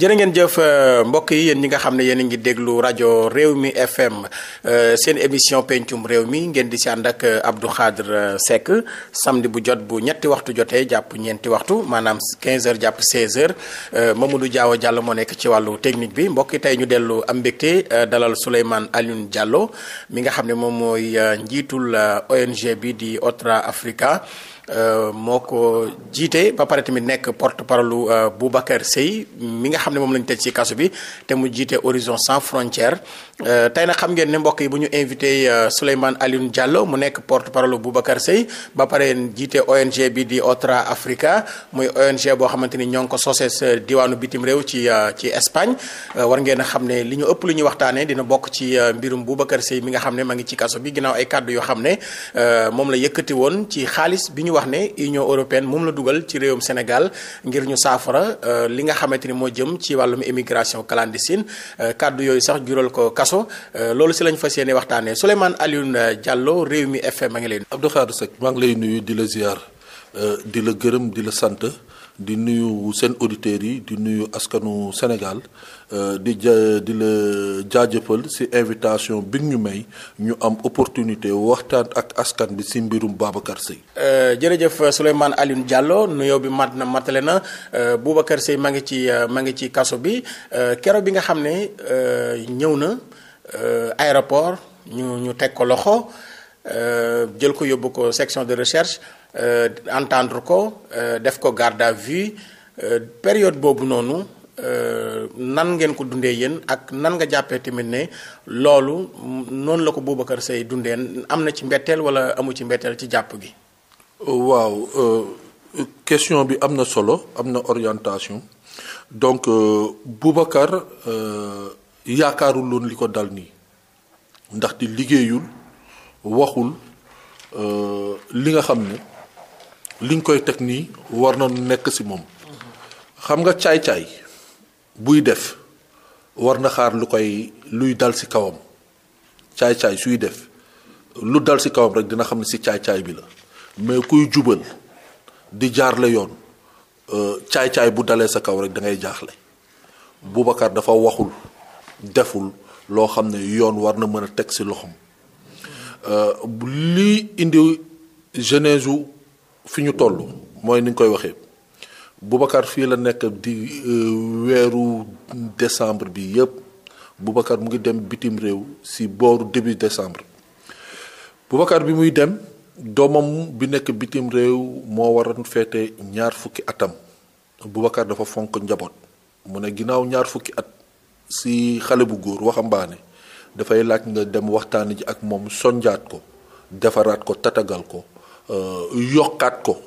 jërë ngeen jëf euh, mbokk yi yéen ñi nga xam ne yéen a ngi déglu rajo réew mi FM euh, seen émission pencum réew mi ngeen di si ànd ak euh, Abdou Khadre Seck samedi bu jot bu ñetti waxtu jotee jàpp ñeenti waxtu maanaam 15h jàpp 16h du Diaw Diallo moo nekk ci wàllu technique bi mbokk yi tey ñu dellu am mbégte dalal Souleymane Alioune Diallo mi nga xam ne moom mooy njiitul ONG bi di Otra Africa. Euh, moo ko jiite ba pare tamit nekk porte parole euh, Boubacar Seye mi nga xam ne moom lañu tëj ci kaso bi te mu jiite Horizon Sans Frontières euh, tey nag xam ngeen ne mbokk yi bu ñu invité Souleymane Alioune Diallo mu nekk porte parole Boubacar Seye ba pare jiite ONG bi di Otra Africa muy ONG boo xamante ni ñoo ngi ko sosees diwaanu bitim réew ci ci Espagne war ngeen a xam ne li ñu ëpp lu ñuy waxtaanee dina bokk ci mbirum Boubacar Seye mi nga xam ne ma ngi ci kaso bi ginnaaw ay kàddu yoo xam ne moom wax ne Union européenne moom la dugal ci réewum Sénégal ngir ñu saafara euh, li nga xamante ni moo jëm ci wàllum immigration clandestine euh, kàddu yooyu sax jural ko kaso euh, loolu si lañ fas yéene waxtaanee Souleymane Alioune Diallo réew mi FM a ngi lay nuyu. Abdou Khadre maa ngi lay nuyu di la ziar di la gërëm di la sant. di nuyu seen auditeurs yi di nuyu askanu Sénégal euh, di ja di la jaajëfal ci invitation bi ñu may ñu am opportunité waxtaan ak askan bi ci mbirum Babacar Seye. Euh, jërëjëf Souleymane Alioune Diallo nuyoo bi mat na matale na euh, Boubacar Seye ma ngi ci ma ngi ci kaso bi kero bi nga xam ne ñëw na aéroport ñu ñu teg ko loxo jël ko yóbbu ko section de recherche. Euh, entendre ko euh, def ko garde à vue euh, période boobu noonu nan ngeen ko dundee yéen ak nan nga jàppee tamit ne loolu noonu la ko Boubacar Seye dundee am na ci mbetteel wala amul ci mbetteel ci jàpp gi. waaw question bi am na solo am na orientation donc Boubacar yaakaarul woon li ko dal nii ndaxte liggéeyul waxul li nga xam ne. liñ koy teg nii war na nekk si moom xam nga caay-caay buy def war na xaar lu koy luy dal si kawam caay-caay suy def lu dal si kawam rek dina xam ne si caay-caay bi la mais kuy jubal di jaarle yoon euh, caay-caay bu dalee sa kaw rek da ngay jaaxle Boubacar dafa waxul deful loo xam ne yoon war na mën a teg si loxoom euh, li indi genèse fi ñu toll mooy ni koy waxee Boubacar fii la nekk di euh, weeru décembre bi yëpp Boubacar mu ngi dem bitim réew si booru début décembre Boubacar bi muy dem doomam bi nekk bitim réew moo waroon feete ñaar fukki atam Boubacar dafa fonk njaboot mu ne ginnaaw ñaar fukki at si xale bu góor waxambaane dafay laaj nga dem waxtaan ji ak moom sonjaat ko defaraat ko tatagal ko Euh, yokkaat ko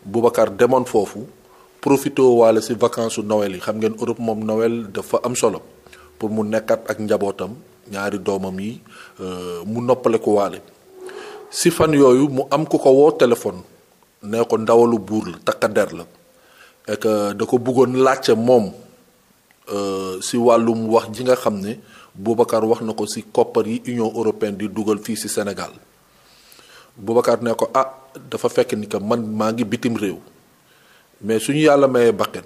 Boubacar demoon foofu profité waale si vacances su Noël yi xam ngeen Europe moom Noël dafa am solo pour mu nekkaat ak njabootam ñaari doomam yi euh, mu noppale ko waale si fan yooyu mu am ku ko woo téléphone ne ko ndawalu buur la takka der la da ko bëggoon laajte moom si euh, wàllum wax ji nga xam ne Boubacar wax na ko si koppar yi Union européenne di dugal fii si senegal Boubacar ne ko ah dafa fekk ni que man maa ngi bitim réew mais suñu yàlla mayee bakkan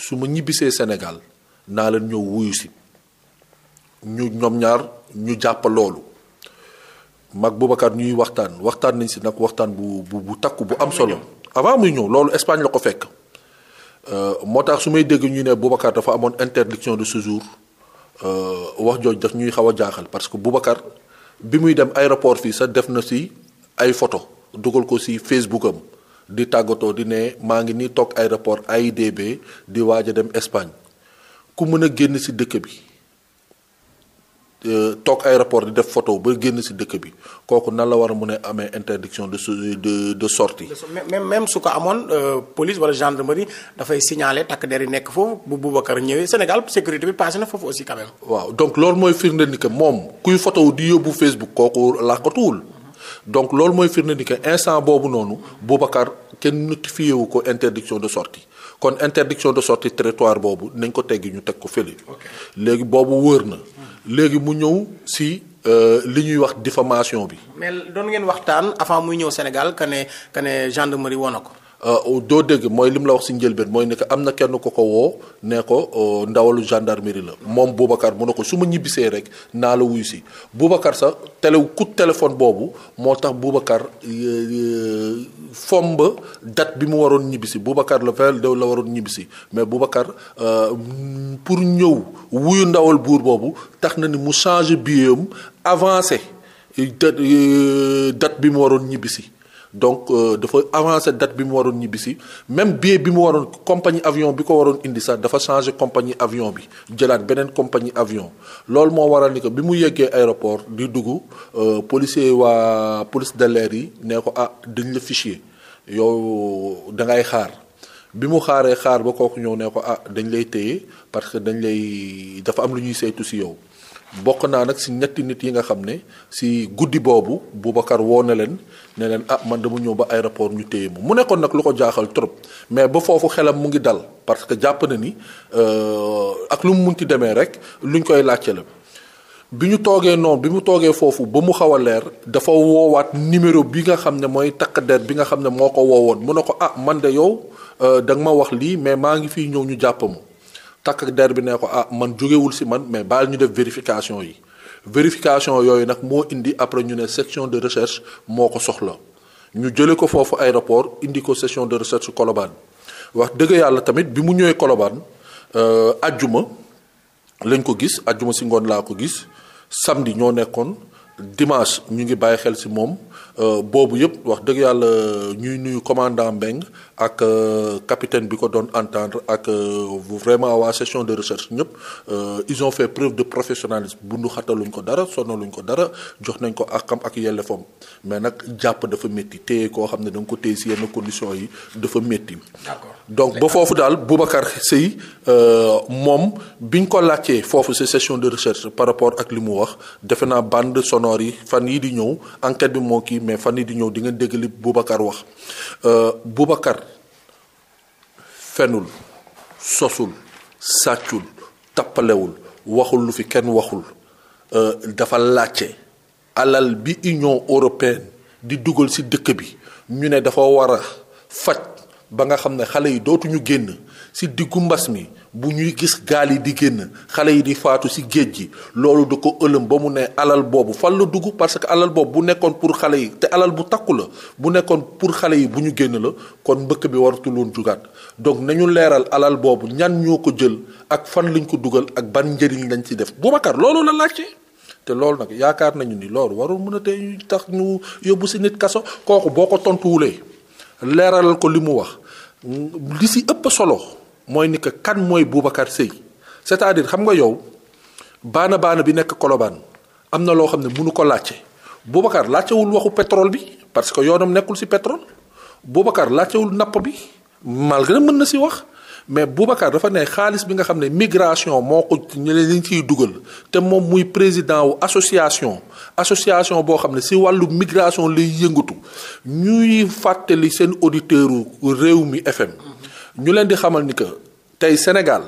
su ma ñibbisee Sénégal naa leen ñëw wuyu si ñu ñoom ñaar ñu jàpp loolu mag Boubacar ñuy waxtaan waxtaan nañ si nag waxtaan bu bu bu takku bu am solo. avant muy ñëw loolu Espagne la ko fekk euh, moo tax su may dégg ñu ne Boubacar dafa amoon interdiction de séjour euh, wax jooj daf ñuy xaw a jaaxal parce que Boubacar bi muy dem aéroport fii sax def na si. ay photo dugal ko si Facebook am di tàggatoo di ne maa ngi nii toog ay db di waaja dem Espagne ku mën a génn si dëkk bi euh, toog aéroport di def foto ba génn si dëkk bi kooku na la war a mun a amee interdiction de de de sortie même même su ko amoon euh, police wala gendarmerie dafay signaler takk der yi nekk foofu bu Boubacar ñëwee Sénégal sécurité bi passé na foofu aussi quand waaw donc loolu mooy firnde ni moom kuy photo di yóbbu Facebook kooku làqatuwul. donc loolu mooy firnde ni instant boobu noonu Boubacar kenn notifié wu ko interdiction de sorti kon interdiction de sorti territoire boobu nañ ko teggi ñu teg ko fële. léegi boobu wër na. léegi mu ñëw si. Euh, li ñuy wax diffamation bi. mais doon ngeen waxtaan avant muy ñëw Sénégal que ne que ne gendarmerie woon na ko. Euh, doo dégg mooy li mu la wax si njëlbeen mooy ne am na kenn ko ko woo nee ko euh, ndawalu gendarmerie la moom Boubacar mu ne ko su ma ñibbisee rek naa la wuyu si Boubacar sax télé coup de téléphone boobu moo tax Boubacar euh, fomba date bi mu waroon ñibbisi Boubacar le vingt la waroon ñibbisi mais Boubacar pour ñëw wuyu ndawal buur boobu tax na ni mu changé biam avancé date bi mu waroon ñibbisi donc euh, dafa avancé date bi mu waroon ñibbisi même billet bi mu waroon compagnie avion bi ko waroon indi sax dafa changé compagnie avion bi jëlaat beneen compagnie avion loolu moo waral ni ko bi mu yeggee aéroport di dugg euh, policier waa police de l'air yi nee ko ah dañ la fichier yow da ngay xaar bi mu xaaree xaar ba kooku ñëw nee ko ah dañ lay téye parce que dañ lay dafa am lu ñuy seetu si yow. bokk naa nag si ñetti nit yi nga xam ne si guddi boobu Boubacar woo na leen ne leen ah man dama ñëw ba aéroport ñu téye ma mu nekkoon nag lu ko jaaxal trop mais ba foofu xelam mu ngi dal parce que jàpp na ni euh, ak lu mu munti demee rek luñ koy laajte la bi ñu toogee noonu bi mu toogee foofu ba mu xaw a leer dafa woowaat numéro bi nga xam ne mooy takk der bi nga xam ne moo ko woowoon mu ne ko ah man de yow euh, da nga ma wax lii mais maa ngi fii ñëw ñu jàpp ma takk der bi ne ko ah man jógewul si man mais baal ñu def vérification yi vérification yooyu nag moo indi après ñu ne section de recherche moo ko soxla ñu jële ko foofu aéroport indi ko section de recherche Colobane wax dëgg yàlla tamit bi mu ñëwee Colobane euh, ajjuma lañ ko gis ajjuma si ngoon laa ko gis samedi ñoo nekkoon dimanche ñu ngi bàyyi xel si moom euh, boobu yëpp wax dëgg yàlla euh, ñuy nuyu commandant Mbeng ak euh, capitaine bi ko doon entendre ak euh, vraiment waa session de recherche ñëpp euh, ils ont fait preuve de professionnalisme bundu xataluñ ko dara sonnaluñ ko dara jox nañ ko ak xam ak yelleefam mais nag jàpp dafa métti téye koo xam ne da nga ko téye si yenn conditions yi dafa métti. donc ba foofu daal Boubacar Sèye moom bi biñ ko laajtee foofu si session de recherche par rapport ak li mu wax defe naa bande sonore yi fan yii di ñëw enquête bi moo kii mais fan yii di ñëw di ngeen dégg li Boubacar wax Boubacar. fenul sosul sàccul tappalewul waxul lu fi kenn waxul euh, dafa laajte alal bi union européenne di dugal ci dëkk bi ñu ne dafa war a faj ba nga xam ne xale yi dootuñu génn si diggu mbas mi bu ñuy gis gaal yi di génn xale yi di faatu si géej gi loolu du ko ëlëm ba mu nee alal boobu fan la dugg parce que alal boobu bu nekkoon pour xale yi te alal bu takku la bu nekkoon pour xale yi bu ñu génn la kon mbëkk bi waratul woon jugaat donc nañu leeral alal boobu ñan ñoo ko jël ak fan lañ ko dugal ak ban njëriñ lañ ci def Boubacar loolu la laajte te loolu nag yaakaar nañu ni loolu warul mën a tey tax ñu yóbbu si nit kaso kooku boo ko tontuwulee leeralal ko li mu wax li si ëpp solo. mooy ni que kan mooy Boubacar Sèye c'est-à-dire xam nga yow baana baana bi nekk Colobane am na loo xam ne mënu ko laajte Boubacar laajtewul waxu pétrole bi parce que yoonam nekkul ci pétrole Boubacar laajtewul napp bi malgré mën na ci wax mais Boubacar dafa ne xaalis bi nga xam ne migration moo ko ñu leen liñ ciy dugal te moom muy président wu association association boo xam ne si wàllu migration lay yëngatu ñuy fàttali seen auditeurs u mi FM. ñu leen di xamal ni que tey Sénégal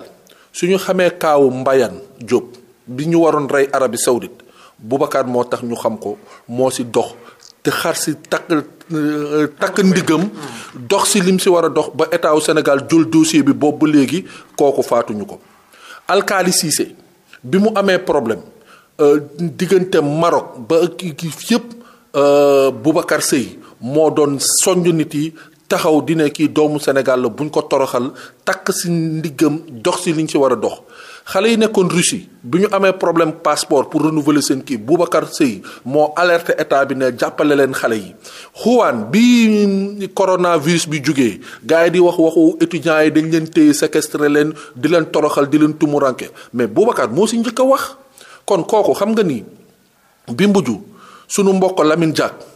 suñu xamee kaawu Mbayang Diop bi ñu waroon rey Arabie Saoudite Boubacar moo tax ñu xam ko moo si dox te xar si takk euh, takk ndigam dox si lim si war a dox ba état wu Sénégal jël dossier bi boobu ba léegi kooku faatuñu ko Alkali Cissé bi mu amee problème euh, diggante Maroc ba kii yëpp euh, Boubacar Sèye moo doon soññ nit yi taxaw dina kii doomu Sénégal la buñ ko toroxal takk si ndiggam dox si liñ ci war a dox xale yi nekkoon Russie bi ñu amee problème passeport pour renouveler seen kii Boubacar Sèye moo alerte état bi ne jàppale leen xale yi xuwaan bi coronavirus bi jugee gars yi di wax waxu étudiants yi dañ leen téye séquestré leen di leen toroxal di leen tumuranke mais Boubacar moo si njëkk a wax kon kooku xam nga ni bi mbuju sunu mbokk lamin Diack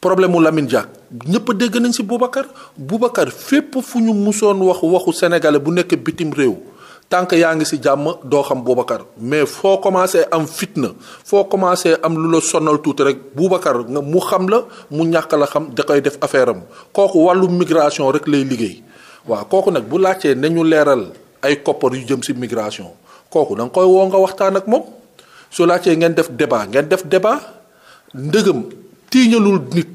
problème mu Lamine Diack ñëpp dégg nañ ci Boubacar Boubacar fépp fu ñu musoon wax waxu sénégalais bu nekk bitim réew tant que yaa ngi ci jàmm doo xam Boubacar mais foo commencé am fitna foo commencé am lu la sonal tuuti rek Boubacar nga mu xam la mu ñàkk la xam da koy def affaire am kooku wàllu migration rek lay liggéey waaw kooku nag bu laajtee ñu leeral ay koppar yu jëm ci migration kooku da nga koy woo nga waxtaan ak moom su laajtee ngeen def débat ngeen def débat ndëgëm. tiiñalul nit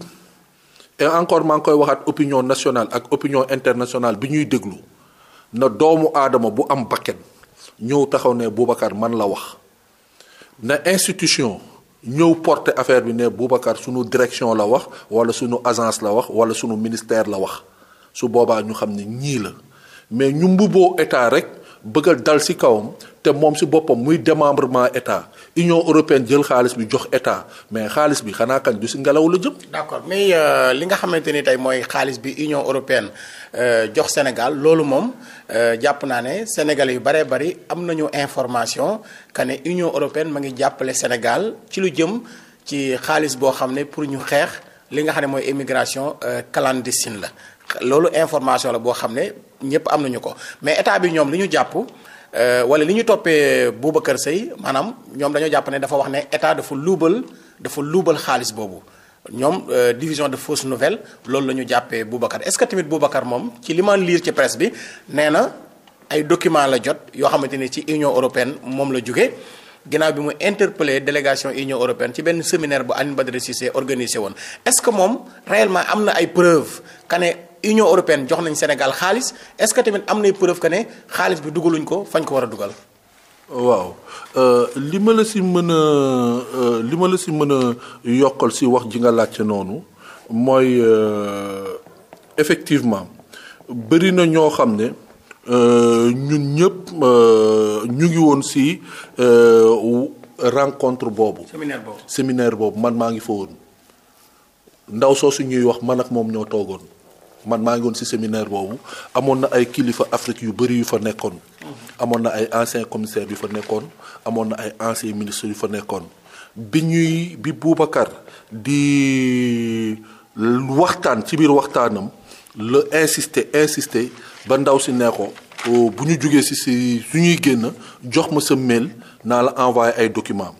et encore maa ngi koy waxaat opinion nationale ak opinion internationale bi ñuy déglu na doomu aadama bu am bakkan ñëw taxaw ne Boubacar man la wax na institution ñëw porter affaire bi ne Boubacar suñu direction la wax wala suñu agence la wax wala suñu ministère la wax su boobaa ñu xam ne ñii la mais ñu mbuboo état rek. bëggal dal si kawam te moom si boppam muy démembrement état union européenne jël xaalis bi jox état mais xaalis bi xanaa kañ du si ngelaw la jëm. d'accord mais euh, li nga xamante ni tey mooy xaalis bi union européenne euh, jox Sénégal loolu moom euh, jàpp naa ne sénégal yu baree bari am na ñu information que ne union européenne mu ngi jàppale Sénégal ci lu jëm ci xaalis boo xam ne pour ñu xeex li nga xam ne mooy immigration clandestine la. loolu information la boo xam ne ñëpp am nañu ko mais état bi ñoom li ñu jàpp euh, wala li ñu toppee Boubacar Seye maanaam ñoom dañoo jàpp ne dafa wax ne état dafa luubal dafa luubal xaalis boobu ñoom euh, division de fausses nouvelles loolu la ñu jàppee Boubacar est-ce que tamit Boubacar moom ci li ma liir ci presse bi nee na ay document la jot yoo xamante ni ci Union européenne moom la jóge ginnaaw bi mu interpellé délégation Union européenne ci benn séminaire bu Alioune Badara Cissé woon est-ce que moom Union européenne jox nañ Sénégal xaalis est-ce que tamit am nay preuve que ne xaalis bi dugaluñ ko fañ ko war a dugal. waaw euh, li ma la si mën a euh, li ma la si mën a yokkal si wax ji nga laajte noonu mooy euh, effectivement bëri na ñoo xam ne ñun ñëpp ñu ngi woon si rencontre boobu. séminaire boobu séminaire boobu man maa ngi fa woon ndaw soosu ñuy wax man ak moom ñoo toogoon. man maa ngi woon ci séminaire boobu amoon na ay kilifa Afrique yu bëri yu fa nekkoon. amoon na ay anciens commissaires yu fa nekkoon amoon na ay anciens ministres yu fa nekkoon bi ñuy bi Boubacar di waxtaan ci biir waxtaanam la insister insisté ba ndaw si ne ko oh, bu ñu jugee ci si su ñuy génn jox ma sa mail naa la envoyé ay documents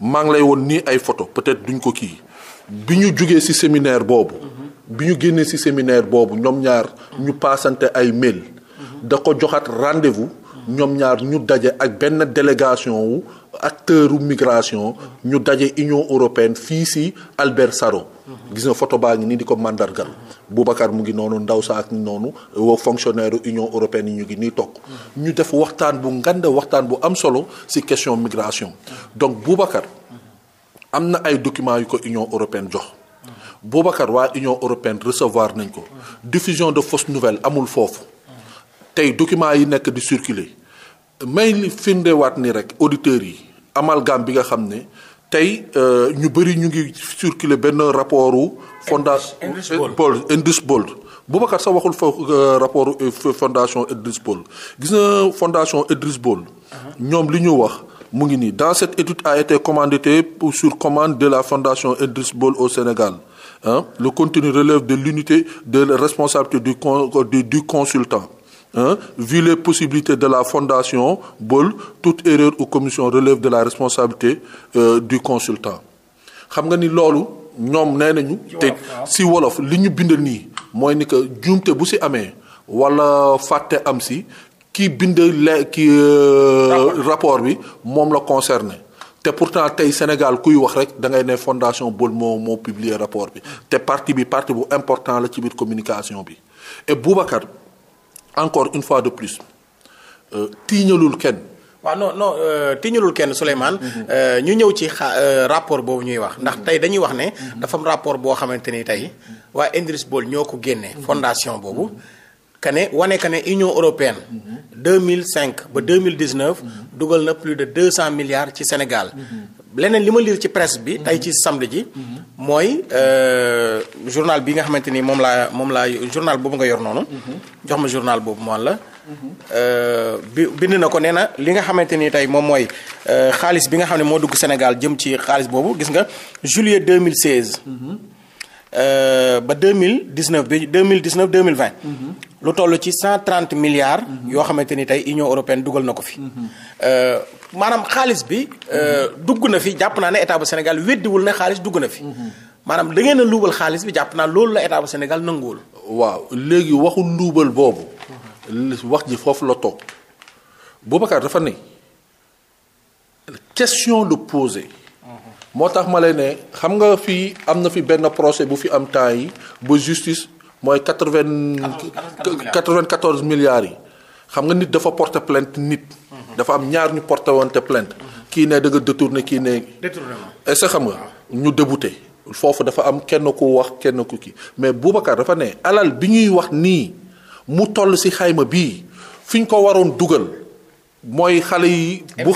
maa ngi lay woon nii ay photo peut-être duñ ko kii bi ñu jugee ci séminaire boobu. bi ñu génnee ci séminaire boobu ñoom ñaar ñu paasante ay mail da ko joxaat rendez-vous ñoom ñaar ñu daje ak benn délégation wu acteur migration ñu daje Union européenne fii ci Albert Saro gis na photo baa ngi nii di ko màndargal Boubacar mu ngi noonu ndaw sa ak noonu woo fonctionnaire Union européenne yi ñu ngi nii toog ñu def waxtaan bu ngande waxtaan bu am solo ci question migration donc Boubacar am na ay documents yu ko Union européenne jox Boubacar waa Union européenne recevoir nañ ko diffusion de fausses nouvelles amul foofu tey documents yi nekk di circuler may li firndewaat ni rek auditeurs yi amalgame bi nga xam ne tey euh, ñu bëri ñu ngi circuler benn rapportu fondation Endris Bold Boubacar sa waxul fa euh, rapport euh, fondation Idriss Paul gis na fondation Idriss Paul. Uh-huh. ñoom li ñu wax mu ngi nii dans cette étude a été commanditée pour sur commande de la fondation Idriss Paul au Sénégal Hein? Le contenu relève de l'unité de la responsabilité du, con, du, du consultant. Hein? Vu les possibilités de la fondation, BOL, toute erreur au commission relève de la responsabilité euh, du consultant. xam nga ni loolu ñoom nee nañu. te si wolof li ñu bindal nii mooy ni que juumte bu si amee walla fàtte am si ki bind le ki euh, rapport bi moom la concerné. te pourtant tey Sénégal kuy wax rek da ngay ne fondation Baol moo moo publier rapport bi te parti bi parti bu important la ci biir communication bi et Boubacar encore une fois de plus euh, tiiñalul kenn. waaw non non euh, tiiñalul kenn Souleymane. Mhm. Euh, ñu ñëw ci xa rapport boobu ñuy wax ndax mhm. tey dañuy wax ne. Mhm. dafa rapport boo xamante ni tey waa Idriss Baol ñoo ko génnee. fondation boobu. kane wane kane Union deux mille cinq ba 2019. dugal na plus de 200 milliards ci Sénégal. leneen li ma liir ci presse bi. tey ci samedi ji. mooy euh, journal bi nga xamante ni moom laa moom laa journal boobu nga yor noonu. jox ma journal boobu moom la. Euh, bi bind na ko nee na li nga xamante ni tey moom mooy euh, xaalis bi nga xam ne moo dugg Sénégal jëm ci xaalis boobu gis nga juillet 2016. Euh, ba deux mille dix neuf bi deux mille dix neuf deux mille vingt lu toll ci cent trente milliards. yoo xamante ni tey Union européenne dugal na ko fi. Euh, maanaam xaalis bi. Euh, dugg na fi jàpp naa ne état bu Sénégal weddiwul ne xaalis dugg na fi. maanaam da na a luubal xaalis bi jàpp naa loolu la état bu Sénégal nanguwul. waaw léegi waxul luubal boobu. wax ji foofu la toog. Boubacar dafa ne question de poser. moo tax ma lay ne xam nga fii am na fi benn procès bu fi am temps yi ba justice mooy quatre vingt quatre vingt quatorze milliards yi xam nga nit dafa porter plainte nit. dafa am ñaar ñu porter wante plainte. kii ne da nga détourné kii ne. détournement est xam nga ñu débouté. foofu dafa am kenn ku wax kenn ku kii mais baka dafa ne alal bi ñuy wax nii mu toll ci xayma bii fi ñu ko waroon dugal. mooy xale yi. bu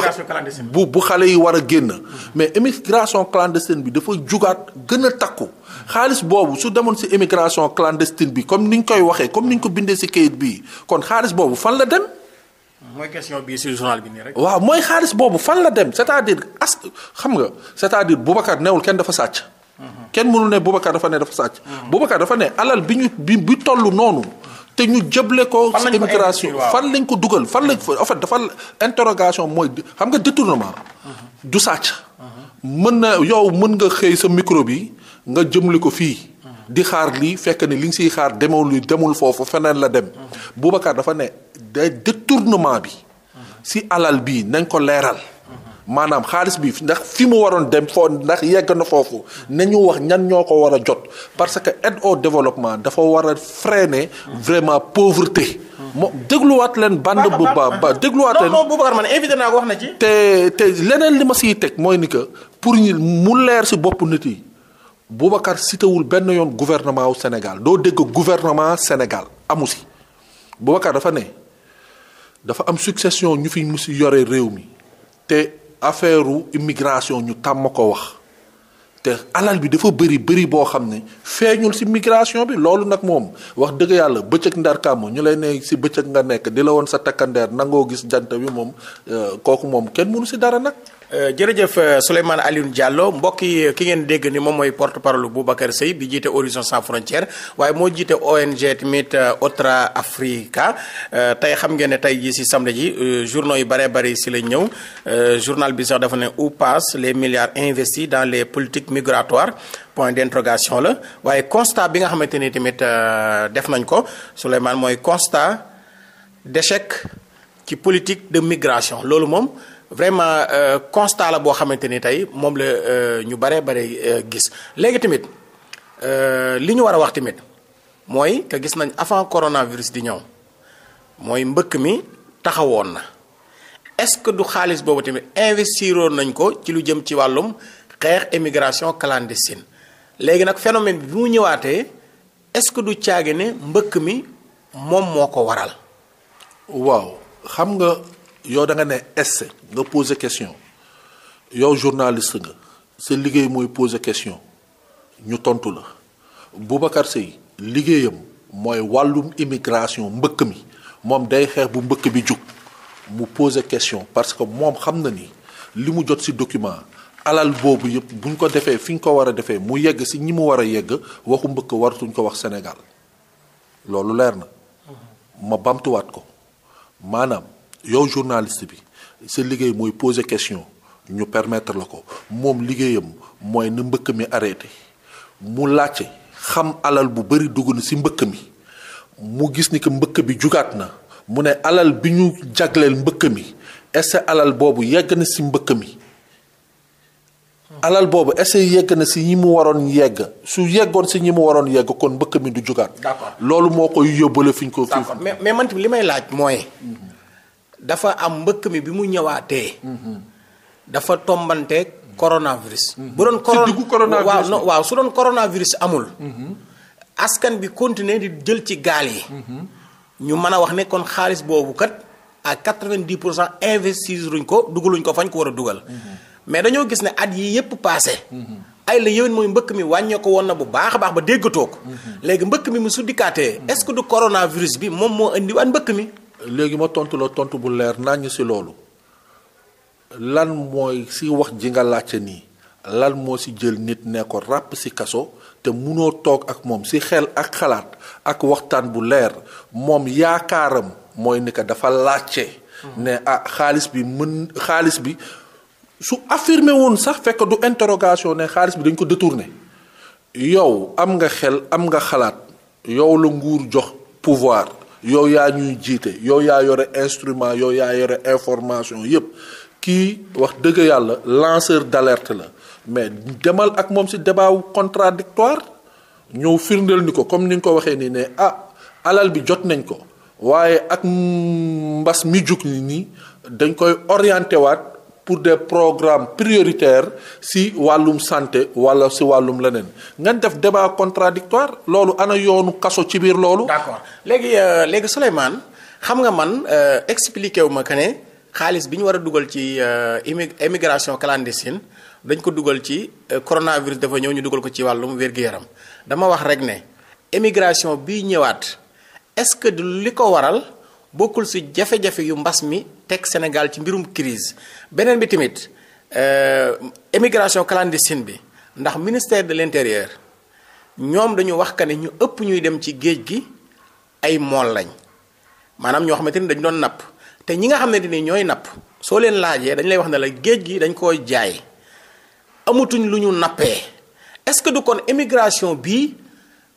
bu bu xale yi war a génn. mais émigration clandestine bi dafa jugaat gën a takku xaalis boobu su demoon si émigration clandestine bi comme ni ñu koy waxee comme ni ñu ko bindee si kayit bi kon xaalis boobu fan la dem. mooy question bi si bi nii waaw mooy xaalis boobu fan la dem c'est-à-dire as xam nga c'est-à-dire Boubacar newul kenn dafa sàcc. Mhm. kenn mënul ne Boubacar dafa ne dafa sàcc. Mhm. Boubacar dafa ne alal bi ñu bi bi toll noonu. te ñu jëble ko. fan immigration fan lañ ko dugal fan lañ en fait dafa interrogation mooy xam nga détournement. du sàcc. mën na yow mën nga xëy sa micro bi nga jëmle ko fii. di xaar lii fekk ne li nga siy xaar demewul li demul foofu feneen la dem. bu Boubacar dafa ne day détournement bi. si alal bii nañ ko leeral. maanaam xaalis bi ndax fi mu waroon dem foo ndax yegg na foofu ne ñu wax ñan ñoo ko war a jot parce que aide au développement dafa war a ne vraiment pauvreté. moo dégluwaat leen bande bu ba ba dégluwaat leen. non Boubacar man invité naa wax na ci. te te leneen li ma siy teg mooy ni que pour ñu mu leer si bopp nit yi Boubacar citewul benn yoon gouvernement wu Sénégal doo dégg gouvernement Sénégal amu si Boubacar dafa ne dafa am succession ñu fi mu si yore réew mi te. affaire u immigration ñu tàmm ko wax te alal bi dafa bëri bëri boo xam ne feeñul ci migration bi loolu nag moom wax dëgg yàlla bëccëg ndar kàmm ñu lay ne si bëccëg nga nekk di la woon sa takkandeer nangoo gis jant bi moom euh, kooku moom kenn mënu si dara nag. Euh, jërëjëf euh, Souleymane Alioune Diallo mbokk yi ki ngeen dégg ni moom mooy porte parole Boubacar Seye bi jiite Horizon Sans Frontières waaye moo jiite ONG tamit euh, Otra Africa tey xam ngeen ne tey jii si samedi ji journaux yu bëree bëri si la ñëw journal bi sax dafa ne où passent les milliards investis dans les politiques migratoires point d'interrogation la waaye constat bi nga xamante ni tamit def nañ ko Souleymane mooy constat d'échec ci politique de migration loolu moom. vraiment euh, constat la boo xamante ni tey moom la euh, ñu bare bare euh, gis léegi tamit li ñu war a wax tamit mooy que gis nañ avant coronavirus di ñëw mooy mbëkk mi taxawoon na est-ce que du xaalis boobu tamit investiroon nañ ko ci lu jëm ci wàllum xeex émigration clandestine léegi nag phénomène bi mu ñëwaatee est-ce que du caagi ne mbëkk mi moom moo ko waral. waaw xam nga. yow da nga ne essai nga poser question yow journaliste nga sa liggéey mooy poser question ñu tontu la Boubacar Seye liggéeyam mooy wàllum immigration mbëkk mi moom day xeex bu mbëkk bi jug mu poser question parce que moom xam na ni li mu jot ci document alal boobu yëpp bu ñu ko defee fi ñu ko war a defee mu yegg ci ñi mu war a yegg waxu mbëkk waratuñ ko wax Sénégal loolu leer na mhm. ma baamtuwaat ko maanaam. yow journaliste bi sa liggéey mooy poser question ñu permettre la ko moom liggéeyam mooy na mbëkk mi arrêté mu laajte xam alal bu bari dugg na si mbëkk mi mu gis ni que mbëkk bi jugaat na mu ne alal bi ñu jagleel mbëkk mi est alal boobu yegg na si mbëkk mi alal boobu est-ce yegg na si ñi mu waroon yegg su yeggoon si ñi mu waroon yegg kon mbëkk mi du jugaat. d'accord loolu moo ko yóbbale fi ñu ko. fi mais mais man li may laaj mooy. dafa am mbëkk mi bi mu ñëwaatee. dafa tombanteeg coronavirus. Mhm. bu doon corona waaw non waaw su doon coronavirus amul. Mhm. askan bi continuer di jël ci gaal yi. Mhm. ñu mën a wax ne kon xaalis boobu kat à quatre-vingt-dix pour cent investiruñ ko dugaluñ ko fañ ko war a dugal. mais dañoo gis ne at yii yépp passé. ay la yéwén mooy mbëkk mi wàññeeku woon na bu baax a baax ba déggatoo ko. léegi mbëkk mi mu su dikkaatee. est-ce que du coronavirus bi moom moo indiwaat mbëkk mi. léegi ma tontu la tontu bu leer naññ si loolu lan mooy si wax ji nga laajte nii lan moo ci jël nit ne ko ràpp si kaso te munoo toog ak moom si xel ak xalaat ak waxtaan bu leer moom yaakaaram mooy ni que dafa laajte. Hmm. ne ah xaalis bi mën xaalis bi su affirmé woon sax fekk du interrogation ne xaalis bi dañ ko détourné yow am nga xel am nga xalaat yow la nguur jox pouvoir. yow yaa ñuy jiite yow yaa yore instrument yow yaa yore information yépp kii wax dëgg yàlla lanceur d'alerte la mais demal ak moom ci débat contradictoire ñëw firndeel ni ko comme ni nga ko waxee nii ne ah alal bi jot nañ ko waaye ak mbas mi jug ni nii dañ koy orienté waat pour des programmes prioritaires si wàllum santé wala si wàllum leneen nga def débat contradictoire loolu ana yoonu kaso ci biir loolu. d'accord léegi euh, léegi Souleymane xam nga man euh, expliqué wu ma que ne xaalis bi ñu war a dugal ci euh, immigration clandestine dañ ko dugal ci coronavirus dafa ñëw ñu dugal ko ci wàllum wér-gu-yaram dama wax rek ne immigration bi ñëwaat est du li ko waral. bokkul si jafe-jafe yu mbas mi teg Sénégal ci mbirum crise beneen bi tamit euh, émigration clandestine bi ndax ministère de l'intérieur ñoom dañu wax que ne ñu ëpp ñuy dem ci géej gi ay mool lañ maanaam ñoo xamante ni dañu doon napp te ñi nga xam ne ni ñooy napp soo leen laajee dañ lay wax ne la géej gi dañ koo jaay amatuñ lu ñu nappee est-ce que du kon émigration bii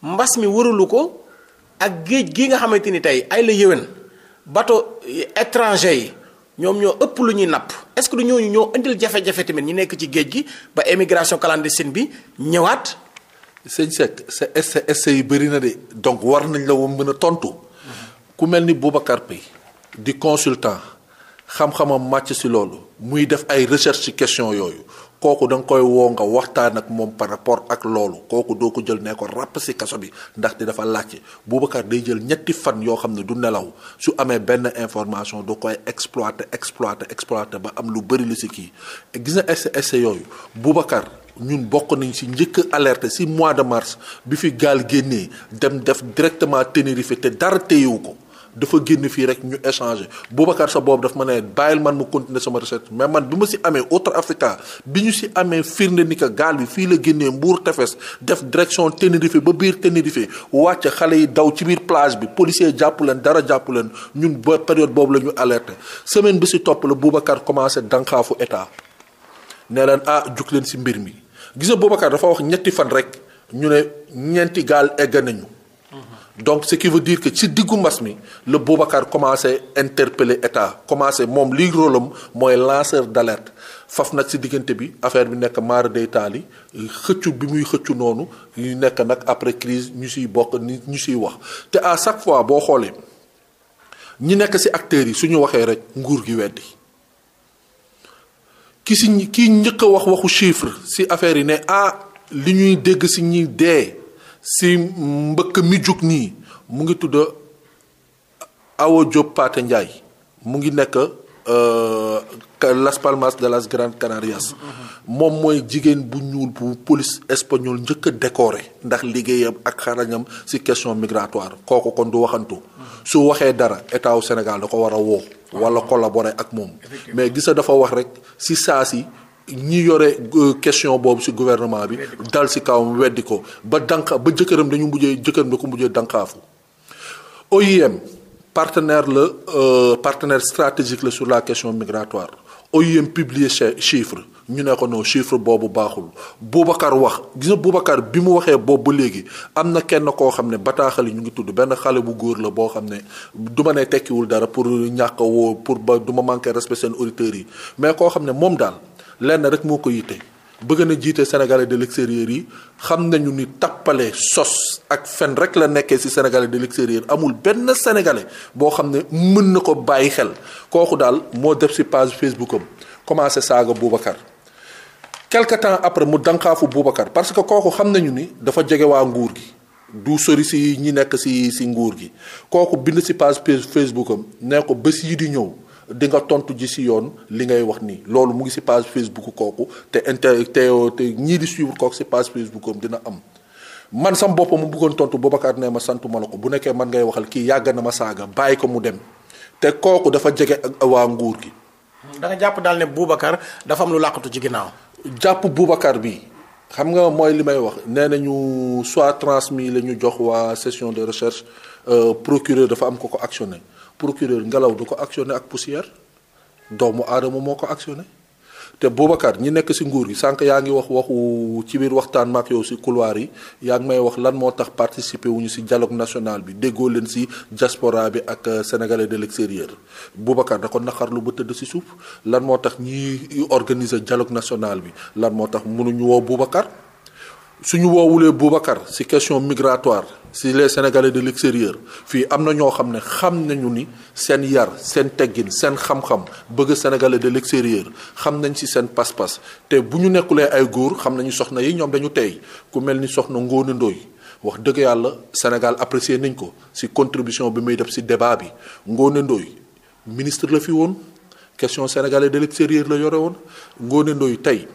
mbas mi warulu ko ak géej gii nga xamante ni tey ay la yéwén bateau étranger yi ñoom ñoo ëpp lu ñuy napp est-ce que du ñooñu ñoo indil jafe-jafe tamit ñu nekk ci géej gi ba émigration clandestine bi ñëwaat. sëñ Seck sa essai essai yi bëri na de donc war nañ la woon mën a tontu ku mel ni Boubacar Pay di consultant xam-xamam màcc si loolu muy def ay recherche question yooyu. kooku da koy woo nga waxtaan ak moom par rapport ak loolu kooku doo ko jël ne ko ràpp si kaso bi ndaxte dafa laajte Boubacar day jël ñetti fan yoo xam ne du nelaw su amee benn information doo koy exploiter exploiter exploiter ba am lu bëri lu si kii gis na essai essai yooyu Boubacar ñun bokk nañu si njëkk alerte si mois de mars bi fi gaal génnee dem def directement Tenerife te dara téyewu ko dafa génn fii rek ñu échanger Boubacar sa boobu daf ma ne bàyyil man mu continuer sama recette mais man bi ma si amee autre Africa bi ñu si amee firnde ni que gaal bi fii la génnee Mbour Tefes def direction Tenerife ba biir Tenerife wàcc xale yi daw ci biir plage bi policier jàpp leen dara jàpp leen ñun ba période boobu la ñu alerté semaine bi si topp la Boubacar commencé dankaafu état ne leen ah jug leen si mbir mi gis nga Boubacar dafa wax ñetti fan rek ñu ne ñeenti gaal egg nañu. donc ce qui veut dire que ci diggu mbas mi la Boubacar commencé interpeller état commencé moom li rôle am mooy lanceur d' alerte faf nag ci diggante bi affaire bi nekk maara day taali xëccu bi muy xëccu noonu ñu nekk nag après crise ñu siy bokk ñu siy wax te à chaque fois boo xoolee ñi nekk si acteurs yi suñu waxee rek nguur gi weddi ki si kii njëkk a wax waxu chiffre si affaire yi ne ah li ñuy dégg si ñu dee si mbëkk mi jug nii mu ngi tudd uh, Awa Diop Pathé Ndiaye mu ngi nekk uh, Las Palmas de las Grandes Canarias moom mooy jigéen bu ñuul bu police espagnole njëkk a ndax liggéeyam ak xarañam ci question migratoire kooku kon du waxantu su waxee dara état wu Sénégal da ko war a woo wala collaborer ak moom mais gisa dafa wax rek ci saa si ñi yore euh, question boobu ci gouvernement bi dal ci kawam weddi ko ba danka ba jëkkëram dañu mujjee jëkkëram da ko mujjee dankaafu OIM partenaire la euh, partenaire stratégique la sur la question migratoire OIM publier chiffre ñu ne ko non chiffre boobu baaxul Boubacar wax gis nga Boubacar bi mu waxee boobu ba léegi am na kenn koo xam ne bataaxal yi ñu ngi tudd benn xale bu góor la boo xam ne du ma tekkiwul dara pour ñàkk woo pour ba du ma manqué respect seen auditeurs yi mais koo xam ne moom daal lenn rek moo ko yitte bëgg na jiite sénégalais de l'extérieur yi xam nañu ni tappale sos ak fen rek la nekkee ci sénégalais de l'extérieur amul benn sénégalais boo xam ne mën na ko bàyyi xel kooku daal moo def ci page Facebook am commencé saaga Boubacar quelque temps après mu dankaafu Boubacar parce que kooku xam nañu ni dafa jege waa nguur gi du sori yi ñu nekk ci ci nguur gi kooku bind ci page Facebook am nee ko bés yi di ñëw di nga tontu ji si yoon li ngay wax nii loolu mu ngi si page Facebook kooku te inter te ñii di suivre kooku si page Facebook am dina am. man sam boppam mu buggoon tontu Boubacar ne ma santu ma la ko bu nekkee man ngay waxal kii yàgg na ma saaga bàyyi ko mu dem te kooku dafa jege ak waa nguur gi. da jàpp daal ne Boubacar dafa am lu làqatu ci ginnaaw. jàpp Boubacar bi xam nga mooy li may wax nee nañu soit transmis la ñu jox waa session de recherche euh, procureur dafa am ko ko actionné. procureur ngelaw du ko actionné ak poussière doomu aadama moo ko actionné te Boubacar ñi nekk ci nguur yi sànq yaa ngi wax waxu ci biir waxtaan maak yow ci couloir yi yaa ngi may wax lan moo tax participer wuñu ci dialogue nationale bi déggoo leen ci diaspora bi ak euh, sénégalais de l'extérieur Boubacar da ko naqarlu ba tëdd ci suuf lan moo tax ñi organiser dialogue national bi lan moo tax mënuñu woo Boubacar suñu woowulee Boubacar si question migratoire si les sénégalais de l'extérieur fii am na ñoo xam ne xam nañu ni seen yar seen teggin seen xam-xam bëgg sénégalais de l'extérieur xam nañ si seen pas-pas te bu ñu nekkulee ay góor xam nañu soxna yi ñoom dañu tey ku mel ni soxna Ngóone Ndoy wax dëgg yàlla Sénégal apprécier nañ ko si contribution bi muy def si débat bi Ngóone ndooy ministre la fi woon question sénégalais de l'extérieur la yore woon Ngóone Ndoy tey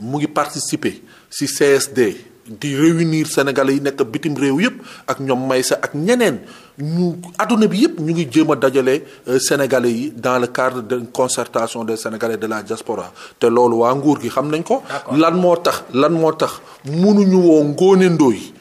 mu ngi participer. ci CSD di réunir sénégalais yi nekk bitim réew yëpp ak ñoom may Maysa ak ñeneen ñu adduna bi yëpp ñu ngi jéem a dajale euh, sénégalais yi dans le cadre de concertation des sénégalais de la diaspora te loolu waa nguur gi xam nañ ko. lan moo tax lan moo tax mënuñu woo Ngoné Ndoye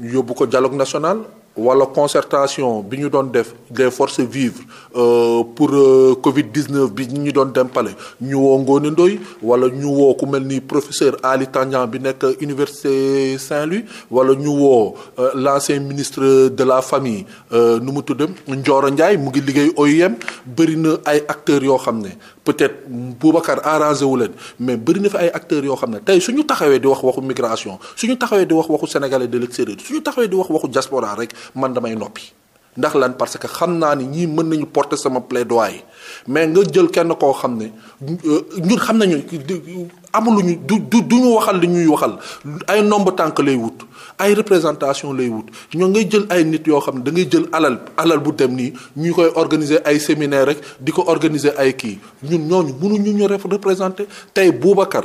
yóbbu ko jaloog national. wala concertation bi ñu doon def des forces vives euh, pour euh, Covid 19 bi ñu doon dempale ñu woo Ngoné Ndoye wala ñu woo ku mel ni professeur Ali Tandian bi nekk université Saint-Louis wala ñu woo euh, l'ancien ministre de la famille nu mu tudd Ndioro Ndiaye mu ngi liggéey OIM bëri na ay acteurs yoo xam ne. peut-être Boubacar arrangé wu leen mais bëri na fi ay acteurs yoo xam ne tey suñu taxawee di wax waxu migration suñu taxawee di wax waxu sénégalais de l'extérieur suñu taxawee di wax waxu diaspora rek man damay noppi ndax lan parce que xam naa ni ñii mën nañu porter sama plaidoyer mais nga jël kenn koo xam ne euh, ñun xam nañu amuluñu du du du ñu waxal li ñuy waxal ay nombre tànk lay wut ay représentation lay wut ñoo ngay jël ay nit yoo xam ne da ngay jël alal alal bu dem nii ñu koy organiser ay séminaire rek di ko organiser ay kii ñun ñooñu mënuñu ñu représenté tey Boubacar.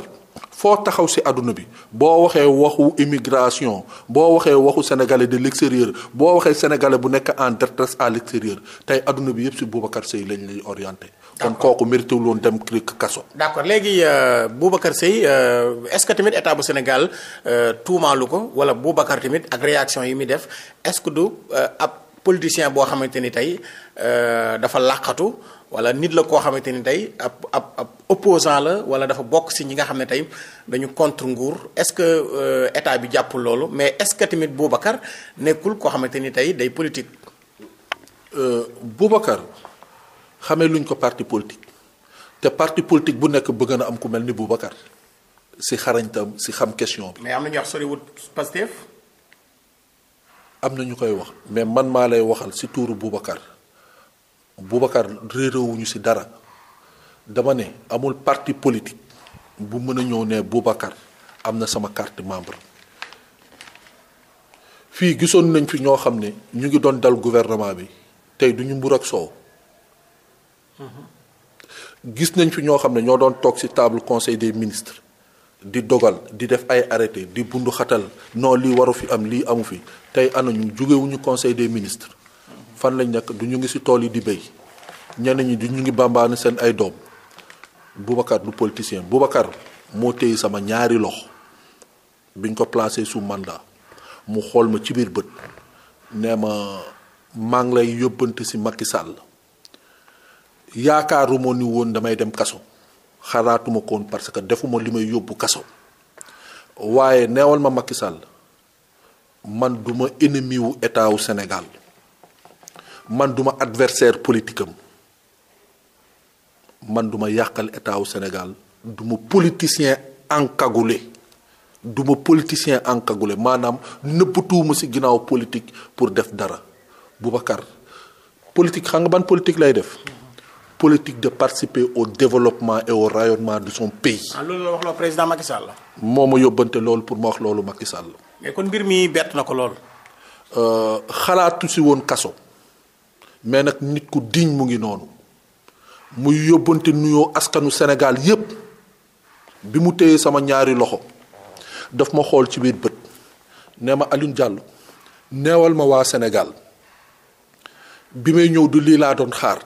foo taxaw si àdduna bi boo waxee waxu immigration boo waxee waxu sénégalais de l'extérieur boo waxee sénégalais bu nekk en détresse à l'extérieur tey àdduna bi yëpp si Boubacar Seye lañ lay orienté. kon kooku mérité wu dem kii kaso. d'accord léegi euh, Boubacar Seye euh, est-ce que tamit état bu Sénégal euh, tuumaalu ko wala Boubacar tamit ak réaction yi muy def est-ce que du ab politicien boo xamante ni tey dafa làqatu. wala nit la koo xamante ni tey ab ab ab opposant la wala dafa bokk si ñi nga xam ne tey dañu contre nguur est-ce que euh, état bi jàppul loolu mais est-ce que tamit Boubacar nekkul koo xamante ni tey day politique. Euh, Boubacar xamee luñ ko parti politique te parti politique bu nekk bëgg na am ku mel ni Boubacar si xarañtam si xam question bi. mais am na ñu wax soriwut Pastef. am na ñu koy wax mais man maa lay waxal si tuuru Boubacar. Boubacar réeréwuñu ci dara dama ne amul parti politique bu mën a ñëw ne Boubacar am na sama carte membre fii gisoon nañ fi ñoo xam ne ñu ngi doon dal gouvernement bi tey du ñu mbur gis nañ fi ñoo xam ne ñoo doon toog ci table conseil des ministres di dogal di def ay arrêté di bundu xatal non lii waru fi am lii amu fi tey ana ñu jógewuñu conseil des ministres fan lañ nekk du ñu ngi si tool yi di béy ñenn ñi du ñu ngi bambaane seen ay doom Boubacar du politicien Boubacar moo téye sama ñaari lox biñ ko su man mandat mu xool ma ci biir bët nee ma maa ngi lay yóbbante si Macky sàll yaakaaruma ni woon damay dem kaso xalaatuma koon parce que defuma li may yóbbu kaso waaye neewal ma Macky sàll man duma ennemi wu état wu Sénégal man duma adversaire politique am man duma yàqal état wu Sénégal duma politicien encagoulé duma politicien encagoulé maanaam nëbbatuwuma ci ginnaaw politique pour def dara bu Boubacar politique xam nga ban politique lay def politique de participer au développement et au rayonnement de son pays. ah loolu la président Macky Sall. moo ma yóbbante loolu pour ma wax loolu Macky Sall. mais kon mbir mi bett na ko lool. Euh, xalaatu si woon kaso. mais nag nit ku diñ mu ngi noonu muy yóbbante nuyoo askanu Sénégal yépp bi mu téye sama ñaari loxo daf ma xool ci biir bët nee ma aluñ Diallo neewal ma waa Sénégal bi may ñëw du lii laa doon xaar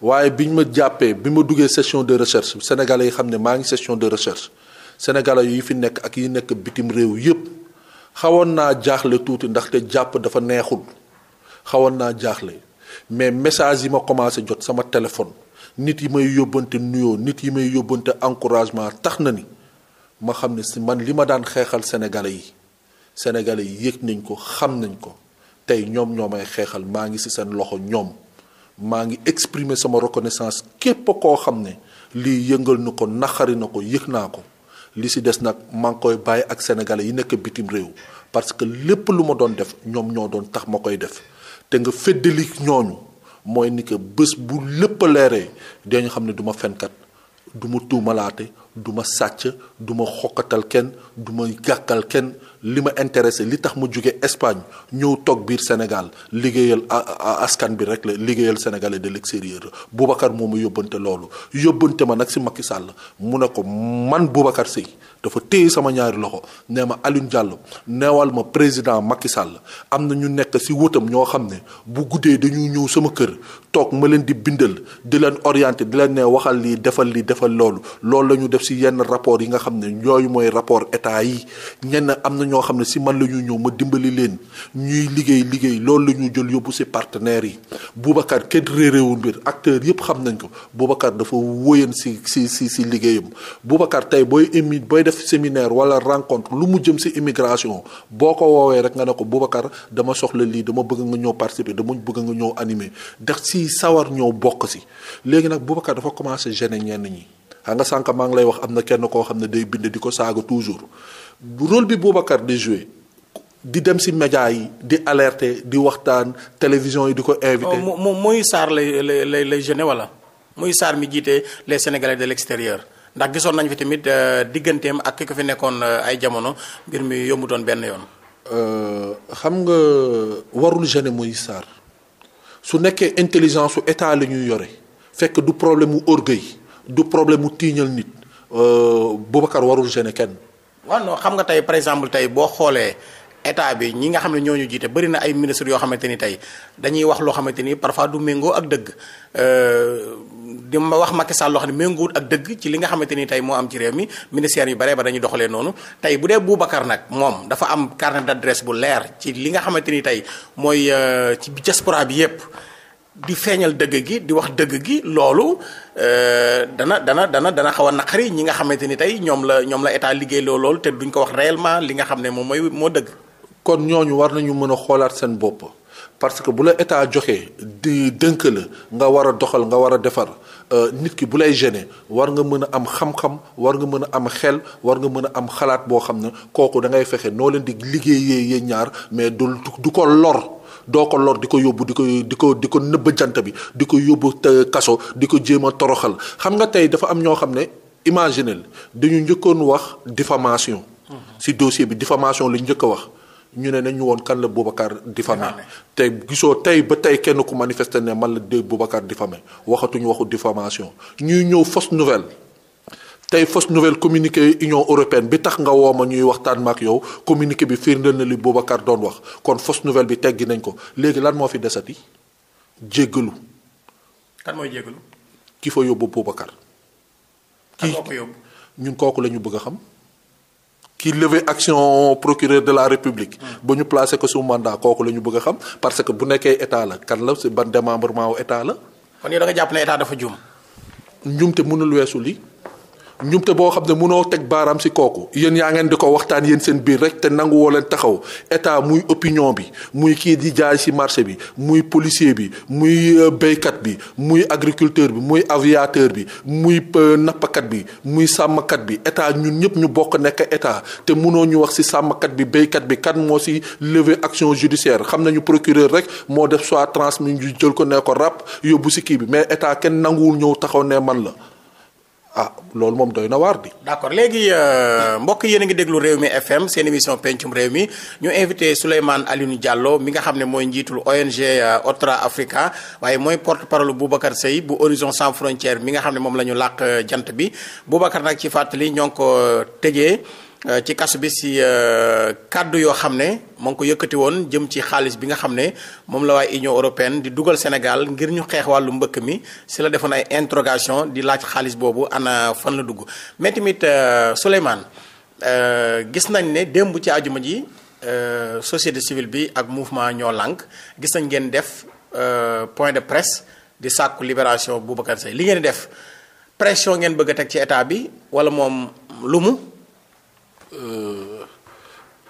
waaye biñ ma jàppee bi ma duggee session de recherche sénégalais yi xam ne maa ngi session de recherche sénégalais yi fi nekk ak yi nekk bitim réew yépp xawoon naa jaaxle tuuti ndaxte jàpp dafa neexul xawal naa jaaxle mais message yi ma commencé jot sama téléphone nit yi may yóbbante nuyoo nit yi may yóbbante encouragement tax na ni ma xam ne si man li ma daan xeexal sénégalais yi sénégalais yi yëg nañ ko xam nañ ko tey ñoom ñoo may xeexal maa ngi si seen loxo ñoom maa ngi exprimer sama reconnaissance képp koo xam ne lii yëngal na ko naxari na ko yëg naa ko li si des nag maa ngi koy bàyyi ak sénégalais yi nekk bitim réew parce que lépp lu ma doon def ñoom ñoo doon tax ma koy def te nga feddali ñooñu mooy ni que bés bu lépp leeree dañu xam ne duma fenkat duma tuumalaate duma sàcc du ma xoqatal kenn du ma gàkkal kenn li ma intéressé li tax ma jóge Espagne ñëw toog biir Sénégal liggéeyal askan bi rek la liggéeyal sénégalais de l'extérieur Boubacar moo ma yóbbante loolu yóbbante ma nag si makki Sall mu ne ko man Boubacar si dafa téye sama ñaari loxo nee ma Alioune Diallo neewal ma président Macky sàll am na ñu nekk si wëtam ñoo xam ne bu guddee dañuy ñëw sama kër toog ma leen di bindal di leen orienté di leen ne waxal lii defal lii defal loolu loolu la def si yenn rapport yi nga xam xam ne yooyu mooy rapport état yi ñenn am na ñoo xam ne si man la ñuy ñëw ma dimbali leen ñuy liggéey liggéey loolu la ñuy jël yóbbu si partenaires yi Boubacar kenn réeréewul mbir acteur yëpp xam nañ ko Boubacar dafa wóoyan si si si si liggéeyam Boubacar tey booy émi booy def séminaire wala rencontre lu mu jëm si immigration boo ko woowee rek nga ne ko Boubacar dama soxla lii dama bëgg nga ñëw participer dama bëgg nga ñëw animer ndax si sawar ñëw bokk si léegi nag Boubacar dafa commencé gêner ñenn ñi. xam nga sànq maa ngi lay wax am na kenn koo xam ne day bind di ko saaga toujours rôle bi Boubacar di joué di dem si média yi di alerter di waxtaan télévision yi di ko invité. moom oh, mooy Sarr lay lay lay gêné wala muy Sarr mi jiite les Sénégalais de l'extérieur ndax gisoon nañu fi tamit euh, digganteem ak ki ko fi nekkoon euh, ay jamono mbir mi yombutoon benn yoon. Euh, xam nga warul gêné muy Sarr su nekkee intelligence su état la ñuy yore fekk du problème mu orgueil du problème mu tiiñal nit euh, Boubacar warul gêner kenn. waaw non xam nga tey par exemple tey boo xoolee état bi ñi nga xam ne ñoo ñu jiite bëri na ay ministres yoo xamante ni tey dañuy wax loo xamante ni parfois du méngoo ak dëgg euh, di ma wax Macky Sall loo xam ne méngoowul ak dëgg ci li nga xamante ni tey moo am ci réew mi ministère yu bare ba dañuy doxalee noonu tey bu dee Boubacar nag moom dafa am carnet d'adresse bu leer ci li nga xamante ni tey mooy euh, ci diaspora bi yépp di feeñal dëgg gi di wax dëgg gi loolu euh, dana dana dana dana xaw a naqari ñi nga xamante ni tey ñoom la ñoom la état liggéey loolu te duñ ko wax réellement li nga xam ne moom mooy moo dëgg. kon ñooñu war nañu mën a xoolaat seen bopp parce que bu la état joxee di dënk la nga war a doxal nga war a defar euh, nit ki bu lay gêner war nga mën a am xam-xam war nga mën a am xel war nga mën a am xalaat boo xam ne kooku da ngay fexe noo leen di liggéeyee yéen ñaar mais du du ko lor. doo ko lor di ko yóbbu di ko di ko di ko nëbb jant bi di ko yóbbu kaso di ko jéem a toroxal xam nga tey dafa am ñoo xam ne imaginel dañu njëkkoon wax diffamation si dossier bi diffamation lañu njëkk a wax ñu ne nañu woon kan la Boubacar diffamé te gisoo tey ba tey kenn ku manifester ne man la de Boubacar diffamé waxatuñu waxu diffamation ñuy ñëw fausse nouvelle tey fausse nouvelle communiqué union européenne bi tax nga woo ma ñuy waxtaan ma ak yow communiqué bi firndeel na li Boubacar doon wax kon fausse nouvelle bi teggi nañ ko léegi lan moo fi desati jéggalu. kan mooy jéggalu. ki fa yóbbu Boubacar. ki ñun kooku la ñu bëgg a xam. ki levé action procureur de la république. Hmm. ba ñu placé ko sous mandat kooku la ñu bëgg a xam parce que bu nekkee état la kan la si ban démembrement wu état la. kon yow da nga jàpp ne état dafa juum. njuumte mënul weesu lii. njumte boo xam ne mënoo teg baaraam si kooku yéen yaa ngeen di ko waxtaan yéen seen biir rek te nangu woo leen taxaw état muy opinion bi muy kii di jaay si marché bi muy policier bi muy euh, béykat bi muy agriculteur bi muy aviateur bi muy euh, nappkat bi muy sàmmkat bi état ñun ñëpp ñu bokk nekk état te mënoo ñu wax si sàmmkat bi béykat bi kan moo si lever action judiciaire xam nañu procureur rek moo def soit transmis ñu jël ko ne ko ràpp yóbbu si kii bi mais état kenn nanguwul ñëw taxaw ne man la ah loolu moom doy na waar di. d'accord léegi euh, mbokk yéen a ngi déglu réew mi FM seen émission pencum réew mi ñu invité Souleymane Alioune Diallo mi nga xam ne mooy njiitul ONG euh, Otra Africa waaye mooy porte parole Boubacar Seye bu Horizon Sans Frontières mi nga xam ne moom la ñu làq euh, jant bi Boubacar nag ci fàttali ñoo ngi ko tegee Euh, ci kasu bi si euh, kàddu yoo xam ne moo ngi ko yëkkati woon jëm ci xaalis bi nga xam ne moom la waa Union européenne di dugal Sénégal ngir ñu xeex wàllu mbëkk mi si la defoon ay interrogation di laaj xaalis boobu ana fan la dugg mais tamit euh, Souleymane gis nañ ne démb ci àjuma ji société civile bi ak mouvement ñoo lànk gis nañ ngeen def point de presse di sàkku libération Boubacar Seye li ngeen def pression ngeen bëgg a teg ci état bi wala moom lu mu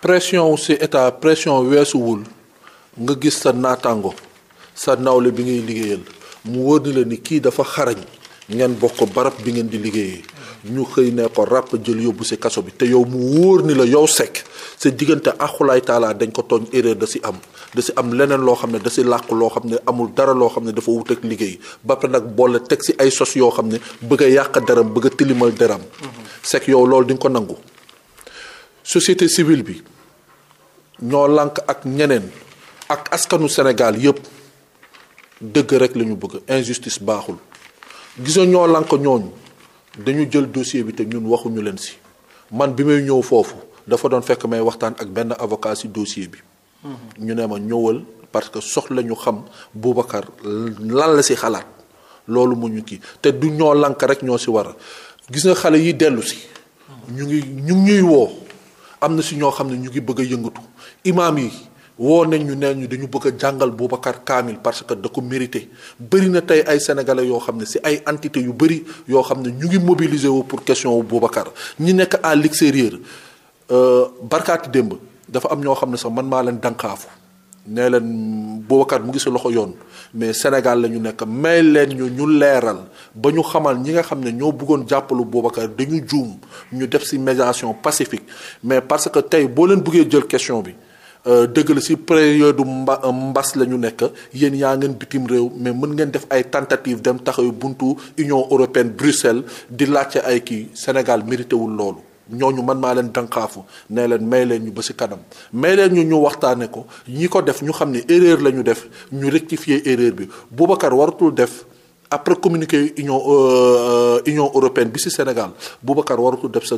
pression ci état pression weesuwul nga gis sa naataango sa nawle bi ngay liggéeyal mu wóor ni la ni kii dafa xarañ ngeen bokk barab bi ngeen di liggéeyee ñu xëy ne ko ràpp jël yóbbu si kaso bi te yow mu wóor ni la yow sekk sa diggante axulaay taalaa dañ ko tooñ erreur da si am da si am leneen loo xam ne da ci làq loo xam ne amul dara loo xam ne dafa wut ak liggéey ba nag boole teg si ay sos yoo xam ne bëgg a yàq deram bëgg a tilimal mm-hmm. yow loolu di ko nangu société civile bi ñoo lànk ak ñeneen ak askanu senegal yépp dëgg rek la ñu bëgg injustice baaxul gisoo ñoo lànk ñooñu dañu jël dossier bi te ñun waxuñu leen si man bi may ñëw foofu dafa doon fekk may waxtaan ak benn avocat si bi. Mm-hmm. ñu ne ma ñëwal parce que soxla ñu xam Boubacar lan la si xalaat loolu mu ñu kii te du ñoo lànk rek ñoo si war a gis nga xale yi dellu si. Mm-hmm. ñu ngi ñu ngi ñuy woo. am na si ñoo xam ne ñu ngi bëgg a yëngatu imaam yi woo nañ ñu neen ñu dañu bëgg a jàngal Boubacar Kamil parce que da ko mérité bëri na tey ay sénégalais yoo xam ne si ay entité yu bëri yoo xam ne ñu ngi mobiliser wu pour question wu Boubacar ñi nekk à l'extérieur euh, barkaati démb dafa am ñoo xam ne sax man maa leen dànkaafu nee leen Boubacar mu ngi si loxo yoon mais Sénégal la ñu nekk may leen ñu ñu leeral ba ñu xamal ñi nga xam ne ñoo buggoon jàppalu Boubacar dañu juum ñu def si médiation pacifique mais parce que tey boo leen buggee jël question bi euh, dëgg la si période mba mbas la ñu nekk yéen yaa ngeen bitim réew mais mën ngeen def ay tentative dem taxaw buntu Union européenne Bruxelles di laajte ay kii Sénégal mérité wul loolu. ñooñu man maa leen dànkaafu nee leen may leen ñu ba si kanam may leen ñu ñu waxtaane ko ñi ko def ñu xam ne erreur la ñu def ñu rectifier erreur bi Boubacar waratul def après communiqué union euh, union européenne bi si Sénégal Boubacar waratul def sa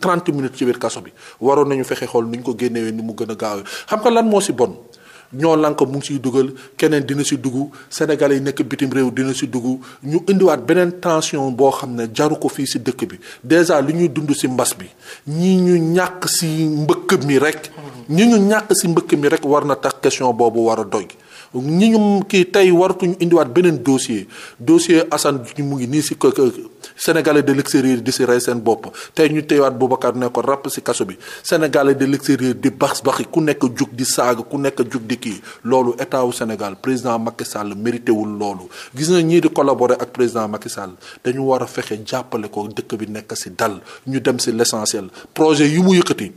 trente minutes ci biir kaso bi waroon nañu fexe xool nu ñu ko génnewee ni mu gën a gaawee xam nga lan moo si bon ñoo lank mu ngi dugal keneen dina si dugg sénégal yi nekk bitim réew dina si dugg ñu indiwaat beneen tension boo xam ne jaru ko fii si dëkk bi déjà lu ñuy dund si mbas bi ñi ñu ñàkk si mbëkk mi rek ñi ñu ñàkk si mbëkk mi rek war na tax question boobu war a doy ñi ñu kii tey waratuñu indiwaat beneen dossier dossier Assane mu ngi nii si ko Sénégalais de l'extérieur di si rey seen bopp tey ñu teewaat Boubacar ne ko ràpp si kaso bi Sénégalais de l'extérieur di bax baxi ku nekk jug di saaga ku nekk jug di kii loolu état wu Sénégal président Macky Sall mérité wul loolu gis nañ ñii di collaborer ak président Macky Sall dañu war a fexe jàppale ko dëkk bi nekk si dal ñu dem si l'essentiel projet yu mu yëkkati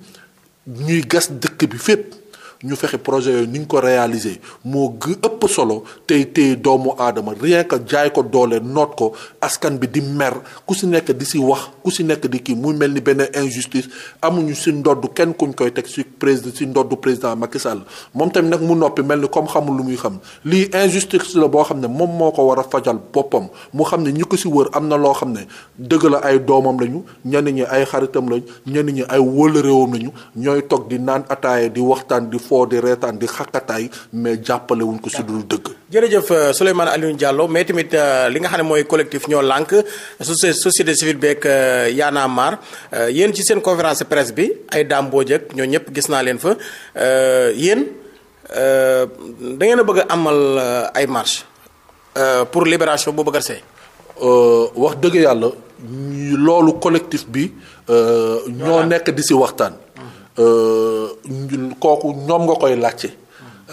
ñuy gas dëkk bi fépp. ñu fexe projet yooyu ni ñu ko réaliser moo gë ëpp solo tey tey doomu aadama rien que jaay ko doole noot ko askan bi di mer ku si nekk di si wax ku si nekk di kii mu mel ni benn injustice amuñu si ndodd kenn kuñ koy teg si président si ndoddu président Macky moom tamit nag mu noppi mel ni comme xamul lu muy xam lii injustice la boo xam ne moom moo ko war a fajal boppam mu xam ne ñi si wër am na loo xam ne dëgg la ay doomam lañu ñan ñi ay xaritam lañ ñenn ñi ay wëlëréewam lañu ñooy toog di naan ataaya di waxtaan di foo di reetaan di xakkataay mais jàppale wuñ ko si dul dëgg. jërëjëf euh, Souleymane Alioune Diallo mais tamit euh, li nga xam ne mooy collectif ñoo lànk société civile beeg euh, Y'en a marre yéen ci seen conférence presse bi ay daam boo jëkk ñoo ñëpp gis naa leen fa yéen da ngeen a bëgg amal ay marche pour libération Boubacar Sèye wax dëgg yàlla loolu collectif bi ñoo nekk di si waxtaan Euh, kooku ñoom nga koy laajte.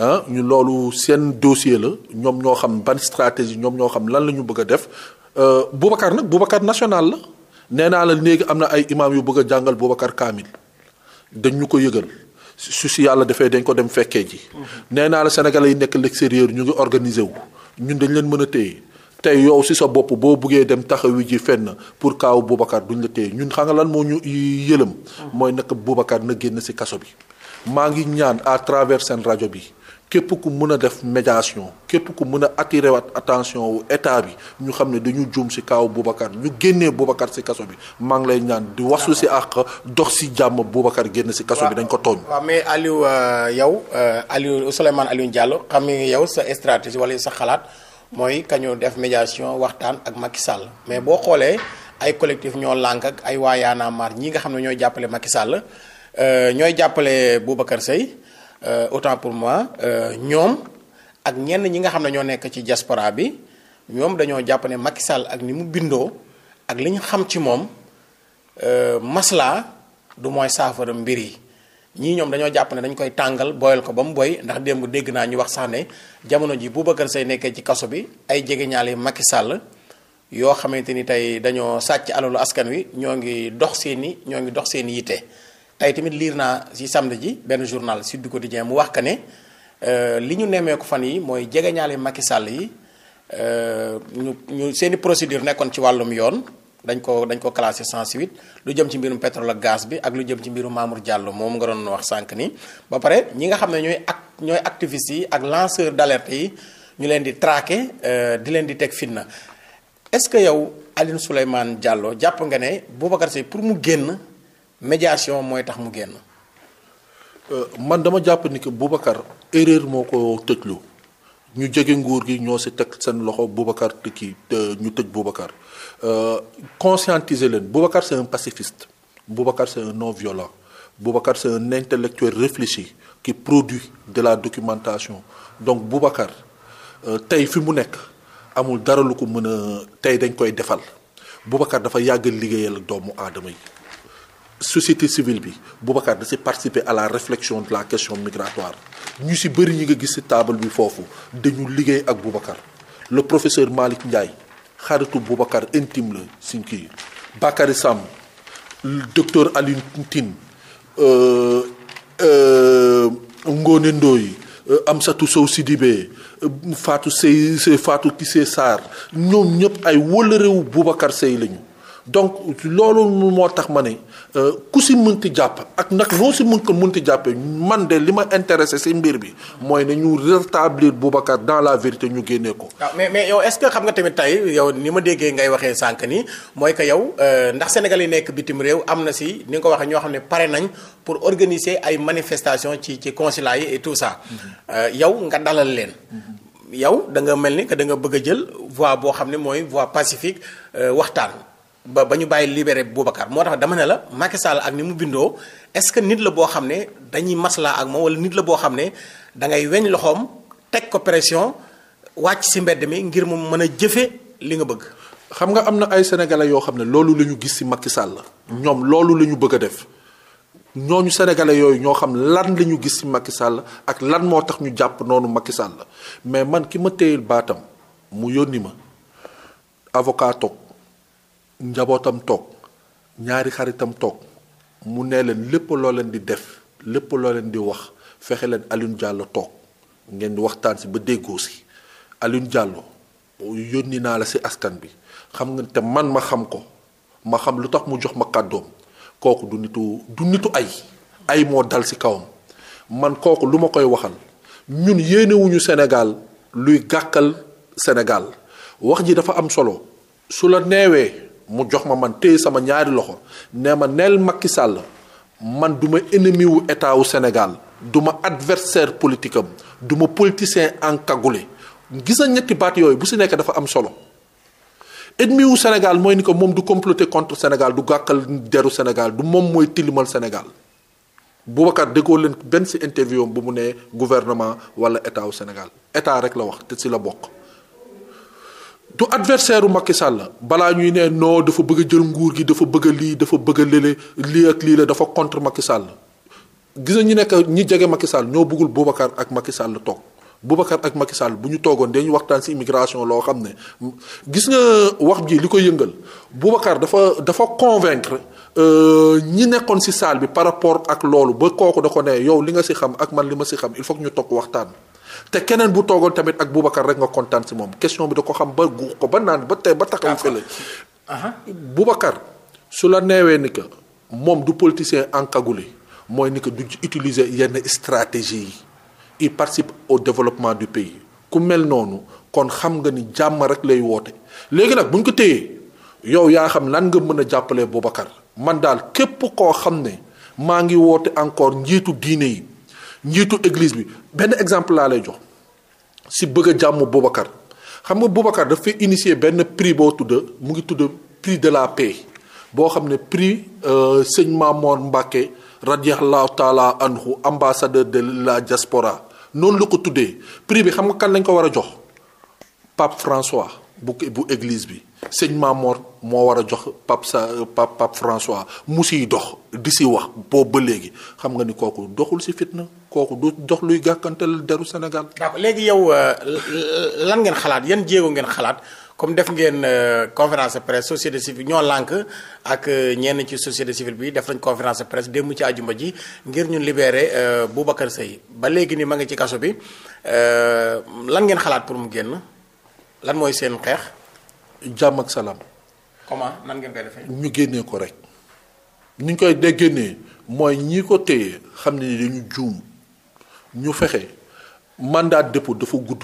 Ah, ñu loolu seen dossier la ñoom ñoo xam ban stratégie ñoom ñoo xam lan la ñu bëgg a def euh, Boubacar nag Boubacar national la nee naa la léegi am na ay imaam yu bëgg a jàngal Boubacar Kamil dañ ñu ko yëgal su si yàlla defee dañ ko dem fekkee ji. Mhm. nee naa la sénégalais yi nekk l'extérieur ñu ngi organiser wu ñun dañ leen mën a téye. tey yow si sa bopp boo buggee dem taxawi ji fenn pour kaaw Boubacar duñ la téye ñun xam nga lan moo ñu yëlëm. mooy nag Boubacar na génn si kaso bi. maa ngi ñaan à travers seen rajo bi képp ku mën a def médiation képp ku mën a attiré waat attention wu état bi ñu xam ne dañu juum si kaaw Boubacar ñu génnee Boubacar si kaso bi maa ngi lay ñaan di wasu si àq dox si jàmm Boubacar génn si kaso bi dañ ko tooñ. waaw mais Aliou euh, yow euh, Aliou Souleymane Aliou Diallo xam nga yow sa stratégie wala sa xalaat. mooy kañu def médiation waxtaan ak Macky Sall mais boo xoolee ay collectif ñoo lànk ak ay waa Y'en ñi nga xam ne ñooy jàppale Macky Sall euh, ñooy jàppale Boubacar Seye euh, autant pour moi euh, ñoom ak ñenn ñi nga xam ne ñoo nekk ci diaspora bi ñoom dañoo jàppane ne Sall ak ni mu bindoo ak li ñu xam ci moom maslaa du mooy saafara mbir yi. ñii ñoom dañoo jàpp ne dañ koy tàngal booyal ko ba mu boy ndax démb dégg naa ñu wax sax ne jamono ji Boubacar say nekkee ci kaso bi ay jegeñaale Macky sàll yoo xamante ni tey dañoo sàcc alalu askan wi ñoo ngi dox seeni ñoo ngi dox seeni yitte tey tamit liir naa ci samedi ji benn journal Sud Quotidien mu wax que ne euh, li ñu ko fan yi mooy jegeñaale Macky sàll yi euh, ñu seeni procédure nekkoon ci wàllum yoon dañ ko dañ ko classé 108 lu jëm ci mbirum pétrole ak bi ak lu jëm ci mbirum Mamour Diallo moom nga doon wax sànq nii ba pare ñi nga xam ne ñooy ak ñooy activistes yi ak lanceur d'alerte yi ñu leen di traqué euh, di leen di teg fitna est-ce que yow Aline Souleymane Diallo jàpp nga ne Boubacar Seye pour mu génn médiation mooy tax mu génn. Euh, man dama jàpp ni que Boubacar erreur moo ko tëjlu ñu jege nguur gi ñoo si teg seen loxo Boubacar te kii ñu tëj Boubacar. Euh, conscientiser leen Boubacar c'est un pacifiste Boubacar c'est un non violent Boubacar c'est un intellectuel réfléchi qui produit de la documentation donc Boubacar euh, tey fi mu nekk amul dara lu ko mën a tey dañ koy defal Boubacar dafa yàgg liggéeyal doomu aadama yi société civile bi Boubacar da si participer à la réflexion de la question migratoire ñu si bëri ñi nga gis si table bi foofu dañu liggéey ak Boubacar le professeur Malick Ndiaye xaritu Boubacar intime la suñ kii Bakary Sam docteur Alioune Tine euh, euh, Ngone Ndoye euh, Amsatou Sow Sidibé Fatou Sey Fatou Kissé Sarr ñoom ñëpp ay wëlërewu Boubacar Seye lañu donc loolu moo tax ma ne euh, ku si mënti jàpp ak ndax loo si mun ko mënti jàppee man de li ma intéressé si mbir bi mooy na ñu rétablir Boubacar dans la vérité ñu génnee ko. Ah, mais mais yow est-ce que xam nga tamit tey yow ni ma déggee ngay waxee sànq ni mooy que yow euh, ndax Sénégal yi nekk bitim réew am na si ni nga ko waxee ñoo xam ne pare nañ pour organiser ay manifestations ci ci consulat yi et tout ça mm-hmm. euh, yow nga dalal leen. Mm-hmm. yow da nga mel ni que da bëgg a jël voie boo xam ne mooy voie pacifique waxtaan. ba ba ñu bàyyi libéré Boubacar moo tax dama ne la Macky ak ni mu bindoo est-ce que nit la boo xam ne dañuy maslaa ak moom wala nit la boo xam ne dangay weñ loxoom teg ko pression wàcc si mbedd mi ngir mu mën a jëfe li nga bëgg. xam nga am na ay sénégalais yoo xam ne loolu la ñu gis si Macky Sall ñoom loolu la ñu bëgg a def ñooñu sénégalais yooyu ñoo xam lan la ñu gis si Macky Sall ak lan moo tax ñu jàpp noonu Macky la mais man ki ma téyel baatam mu yónni ma avocat njabootam toog ñaari xaritam toog mu ne leen lépp loo leen di def lépp loo leen di wax fexe leen Alioune Diallo toog ngeen waxtaan si ba déggoo si Alioune Diallo yónni naa la si askan bi xam nga te man ma xam ko ma xam lu tax mu jox ma kàddoom kooku du nitu du nitu ay ay moo dal si kawam man kooku lu ma koy waxal ñun yéenewuñu Sénégal luy gàkkal Sénégal wax ji dafa am solo su la neewee mu jox ma man téye sama ñaari loxo nee ma neel Macky Sall man du ma ennemi wu état wu Sénégal du ma adversaire politique am du ma politicien encagoulé gis na ñetti baat yooyu bu si nekk dafa am solo ennemi wu Sénégal mooy ni ko moom du comploter contre Sénégal du gàkkal deru Sénégal du moom mooy tilimal Sénégal bu Boubacar déggoo leen benn si interview am bu mu nee gouvernement wala état wu Sénégal état rek la wax te si la bokk. du adversaire u Macky Sall balaa ñuy ne non dafa bëgg a jël nguur gi dafa bëgg lii dafa bëgg a lële lii ak lii la dafa contre Macky sàll gis na ñi nekk ñi jege Macky Sall ñoo bëggul Boubacar ak Macky Sall toog Boubacar ak Macky Sall bu ñu toogoon ñu waxtaan si immigration loo xam ne gis nga wax ji li ko yëngal Boubacar dafa dafa convaincre euh, ñi nekkoon ci salle bi par rapport ak loolu ba kooku da ko ne yow li nga ci xam ak man li ma ci xam il faut ñu toog waxtaan. te keneen bu toogoon tamit ak Boubacar rek nga kontaan si moom question bi da ko xam ba guux ko ba naan ba tey ba taxaw fële. Boubacar su la neewee ni que moom du politicien encagoulé mooy ni que du utiliser yenn stratégie yi i participe au développement du pays ku mel noonu kon xam nga ni jàmm rek lay woote léegi nag bu ñu ko téyee yow yaa xam nan nga mën a jàppalee Boubacar man daal képp koo xam ne maa ngi woote encore njiitu diine yi. njiitu église bi benn exemple laa lay jox si bëgg a jàmm Boubacar xam nga Boubacar dafa initier benn prix boo tudd mu ngi tudd prix de la paix boo xam ne prix euh, sëñ Mamour Mbacke radiyallahu taala anhu ambassadeur de la diaspora noonu lu ko tuddee prix bi xam nga kan lañ ko war a jox Pape François bu bu église bi sëñ Mamour moo war a jox Pape sa euh, Pape Pape François mu si dox di si wax boobu ba léegi xam nga ni kooku doxul si fitna. kooku du dox luy gàkkantal deru Sénégal. d'accord léegi yow euh, lan ngeen xalaat yan jéego ngeen xalaat comme def ngeen euh, conférence de presse société civile ñoo lànk ak euh, ñenn ci société civile bi def nañ conférence de presse démb ci àjjuma ji ngir ñu libeere libéré Boubacar Sèye ba léegi ni ma ngi ci kaso bi lan ngeen xalaat pour mu génn lan mooy seen xeex. jàmm ak salaam. nan ngeen koy ñu génnee ko rek. ni ñu koy déggee mooy ñi ko téye xam ne dañu juum. ñu fexe mandat dépôt dafa gudd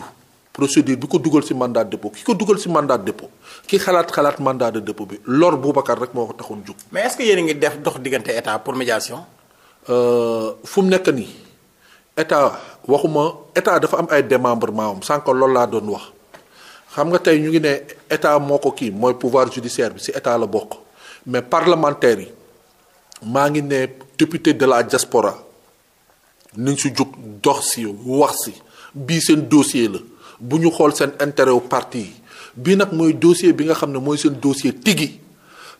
procédure bi ko dugal ci mandat dépôt ki ko dugal ci mandat dépôt ki xalaat xalaat mandat de dépôt bi lor Boubacar rek moo ko taxoon jóg. mais est-ce ngi def dox diggante état pour médiation. Euh, fu mu nekk nii état waxuma état dafa am ay démembrement am sànq loolu laa doon wax xam nga tey ñu ngi ne état moo ko kii mooy pouvoir judiciaire bi ci état la bokk mais parlementaire yi maa ngi ne député de la jaspora nañ si jóg dox si wax si bii seen dossier la bu ñu xool seen intérêt wu parti yi bii nag mooy dossier bi nga xam ne mooy seen dossier tigi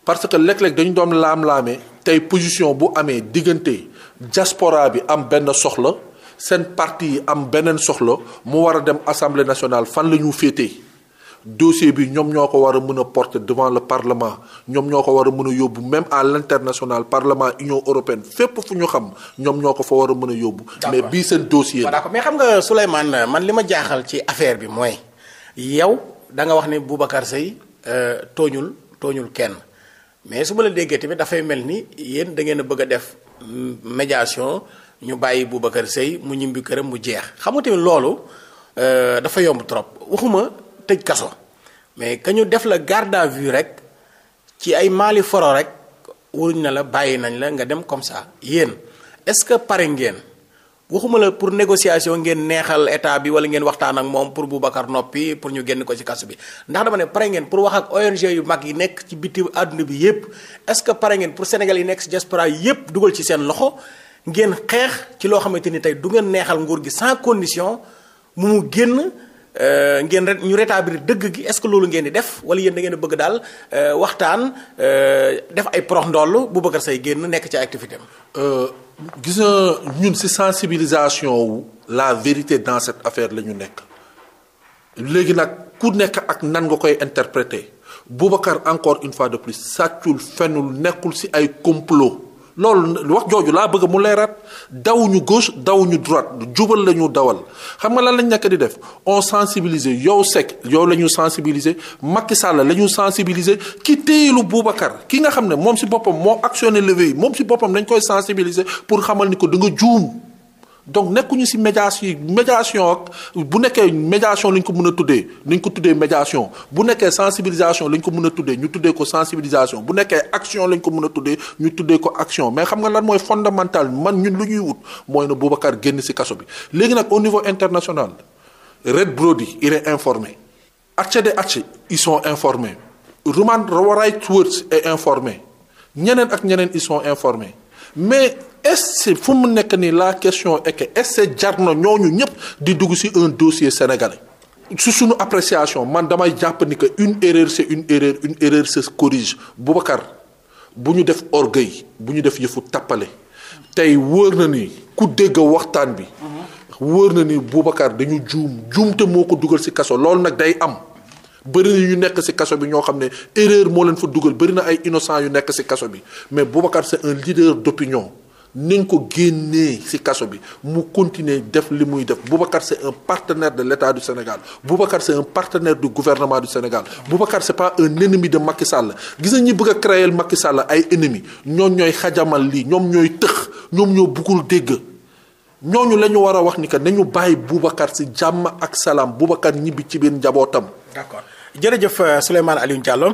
parce que léeg-léeg dañu doon laam-laamee tey position bu amee diggante diaspora bi am benn soxla seen parti yi am beneen soxla mu war a dem assemblée nationale fan la ñu féetee. dossier bi ñoom ñoo ko war a mën a porter devant le parlement ñoom ñoo ko war a mën a yóbbu même à l'international parlement union européenne fépp fu ñu xam ñoom ñoo ko fa war a mën a yóbbu. mais bii seen dossier la. mais xam nga Souleymane man li ma jaaxal ci affaire bi mooy yow da nga wax ne Boubacar Seye euh, tooñul tooñul kenn mais su ma la déggee tamit dafay mel ni yéen dangeen a bëgg a def médiation ñu bàyyi Boubacar Seye mu ñibbi këram mu jeex xam nga tamit loolu euh, dafa yomb tëj kaso mais ka ñu def la garde à vue rek ci ay maali foro rek wuruñ na la bàyyi nañ la nga dem comme ça yéen est-ce que pare ngeen waxuma la pour négociation ngeen neexal état bi wala ngeen waxtaan ak moom pour bu Boubacar noppi pour ñu génn ko ci kaso bi ndax dama ne pare ngeen pour wax ak ONG yu mag yi nekk ci biti àdduna bi yépp est-ce que pare ngeen pour Sénégal yi nekk ci diaspora yépp dugal ci seen loxo ngeen xeex ci loo xamante ni tey du ngeen neexal nguur gi sans condition Euh, ngeen rek ñu rétablir dëgg gi est-ce que loolu ngeen di def wala yéen da ngeen a bëgg daal euh, waxtaan euh, def ay prox ndoll bu bëgg say génn nekk ci activité am. gis nga ñun ci sensibilisation wu la vérité dans cette affaire la ñu nekk léegi nag ku nekk ak nan nga koy interpréter Boubacar encore une fois de plus sàccul fenul nekkul ci ay complot. loolu wax jooju laa bëgg mu leeraat dawuñu ñu gauche daw ñu droite jubal la ñu dawal xam nga lan lañ nekk di def on sensibiliser yow Seck yow la ñu sensibiliser Macky Sall la ñu sensibiliser ki téyelu Boubacar ki nga xam ne moom si boppam moo actionné levier yi moom si boppam dañ koy sensibiliser pour xamal ni ko da nga juum. donc nekkuñu ci médiation yi médiation ak bu nekkee médiation lañ ko mën a tuddee nañ ko tuddee médiation bu nekkee sensibilisation lañ ko mën a tuddee ñu tuddee ko sensibilisation bu nekkee action lañ ko mën a tuddee ñu tuddee ko action mais xam nga lan mooy fondamental man ñun lu ñuy wut mooy na Boubacar génn ci kaso bi léegi nag au niveau international Red Brody il est informé HDH ils sont informés Human Rights Watch est informé ñeneen ak ñeneen ils sont mais est fu mu nekk nii la question est que est jar na ñooñu ñëpp di dugg ci un dossier sénégalais. su suñu appréciation man damay jàpp que une erreur c'est une erreur une erreur se corrige Boubacar bu ñu def orgueil bu ñu def yëfu tappale tey wóor na ni ku dégg waxtaan bi. wóor na ni Boubacar dañu juum juumte moo ko dugal ci kaso loolu nag day am. bëri na ñu nekk ci kaso bi ñoo xam ne erreur moo leen fa dugal bëri na ay innocent yu nekk ci kaso bi mais Boubacar c'est un leader d'opinion nañ ko génnee ci kaso bi mu continuer def li muy def Boubacar c'est un partenaire de l'État du Sénégal Boubacar c'est un partenaire du gouvernement du Sénégal Boubacar c'est pas un ennemi de Macky Sall gis nañ ñi bëgg a créer Macky Sall ay ennemis ñoom ñooy xajamal lii ñoom ñooy tëx ñoom ñoo buggul dégg. ñooñu la ñu war a wax ni que nañu bàyyi Boubacar si jàmm ak salaam Boubacar ñibbi ci biir njabootam. d'accord jërëjëf euh, Souleymane Alioune Diallo.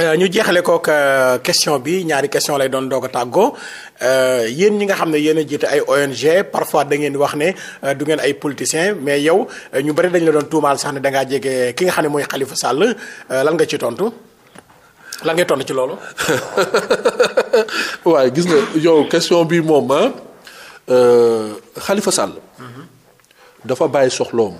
Euh, ñu jeexale kook euh, question bi ñaari question lay doon doog a tàggoo yéen ñi nga xam ne yéen a jiite ay ONG parfois da ngeen wax ne du ngeen ay politiciens mais yow ñu bari dañ la doon tuumaal sax ne da jege ki nga xam ne mooy Khalifa Sall lan nga ci tontu lan ngay tontu ci loolu. waaye gis nga yow question bi moom xalifa euh, Sall. Mm-hmm. dafa bàyyi soxloom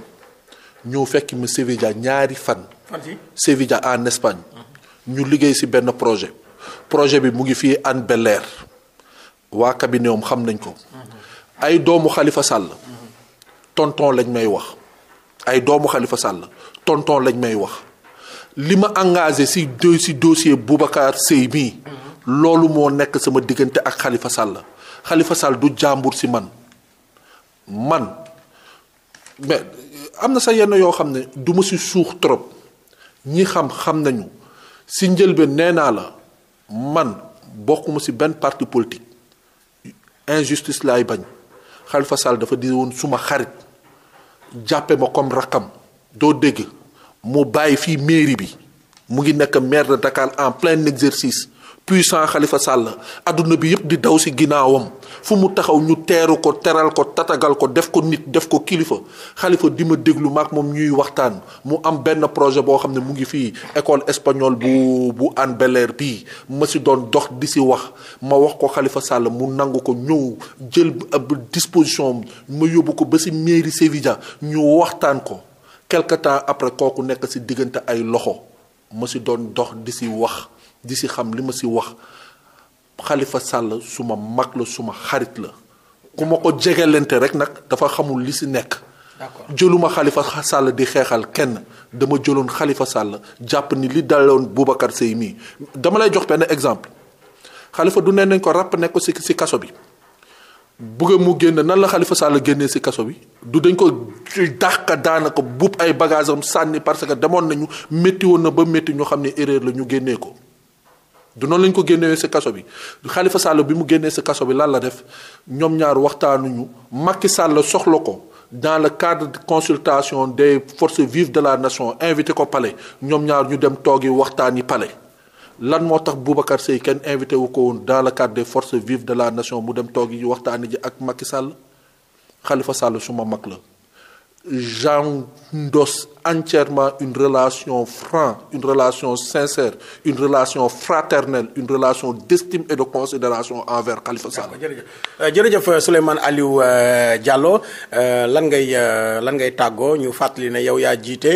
ñëw fekk ma Sevilla ñaari fan. fan Sevilla en Espagne. Mm-hmm. ñu liggéey ci benn projet. projet bi mu ngi fii Hann Bel-Air waa cabinet xam nañ ko. Mm-hmm. ay doomu xalifa Sall. tonton lañ may wax. ay doomu xalifa Sall tonton lañ may wax li ma engage ci do ci dossier Boubacar loolu moo nekk sama diggante ak xalifa Sall. Khalifa Sall du jàmbur si man man euh, am na sa yenn yoo xam ne du ma si suux trop ñi xam xam nañu si njëlbeen nee naa la man bokkuma si benn partie politique injustice laay bañ Khalifa Sall dafa di woon suma xarit jàppe ma comme rakam doo dégg mu bàyyi fii mairie bi mu ngi nekk maire de Dakar en plein exercice puissant xalifa Sall adduna bi yëpp di daw si ginnaawam fu mu taxaw ñu teeru ko teral ko tatagal ko def ko nit def ko kilifa xalifa di ma déglu maak moom ñuy waxtaan mu am benn projet boo xam ne mu ngi fii école espagnole bu bu Hann bel bii ma si doon dox di si wax ma wax ko xalifa Sall mu nangu ko ñëw jël ab disposition ma yóbbu ko ba si mairie Sévilla ñu waxtaan ko quelque temps après kooku nekk si diggante ay loxo ma si doon dox di si wax di si xam li ma si wax xalifa sàll suma mag la suma xarit la ku ma ko jegelente rek nag dafa xamul li si nekk d'accord jëluma Khalifa Sall di xeexal kenn dama jëloon xalifa sàll jàpp ni li daloon Boubacar Seye mii dama lay jox benn exemple xalifa du nee nañ ko ràpp nekk si si kaso bi bëgg mu génn nan la Khalifa Sall génnee si kaso bi du dañ ko dàq daanaka buub ay bagages sànni parce que demoon nañu métti woon na ba métti ñoo xam ne erreur la ñu génnee ko du noonu lañ ko génnewee si kaso bi xalifa Sall bi mu génnee sa kaso bi lan la def ñoom ñaar waxtaanuñu Macky Sall soxla ko dans le cadre de consultation des forces vives de la nation invité ko pale ñoom ñaar ñu dem toogi waxtaan yi palais lan moo tax Boubacar Seye kenn invité wu ko woon dans le cadre force vive de la nation mu dem toogi waxtaan ji ak Macky Sall Khalifa Sall suma mag la. j'endosse entièrement une relation franche, une relation sincère, une relation fraternelle, une relation d'estime et de considération envers Khalifa Sall. jërëjëf euh, jërëjëf euh, Souleymane Aliou euh, lan ngay lan ngay tàggoo ñu fàttali ne yow yaa jiite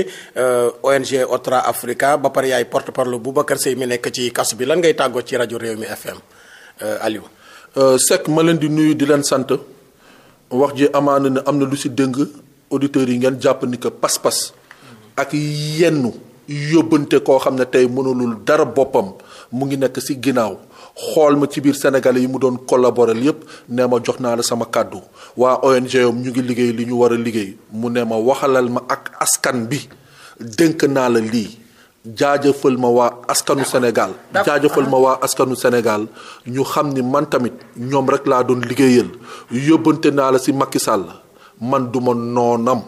ONG Otra Africa ba pare yaay porte-parole Boubacar Seye mi nekk ci kasu bi lan ngay tàggoo ci rajo Réew mi FM Aliou. Seck ma leen di nuyu di leen sant wax ji amaana ne am na lu si dëng. auditeurs yi ngeen jàpp ni que pas-pas ak yenn yóbbante koo xam ne tey mënulul dara boppam mu ngi nekk ci ginnaaw xool ma ci biir Sénégalais yi mu doon collaborer yépp nee ma jox naa la sama kàddu waa ONG am ñu ngi liggéey li ñu war a liggéey mu ne ma waxalal ma ak askan bi dénk naa la lii jaajëfal ma waa askanu Sénégal jaajëfal ma waa askanu Sénégal ñu xam ni man tamit ñoom rek laa doon liggéeyal yóbbante naa la ci Macky Sall man du ma noonam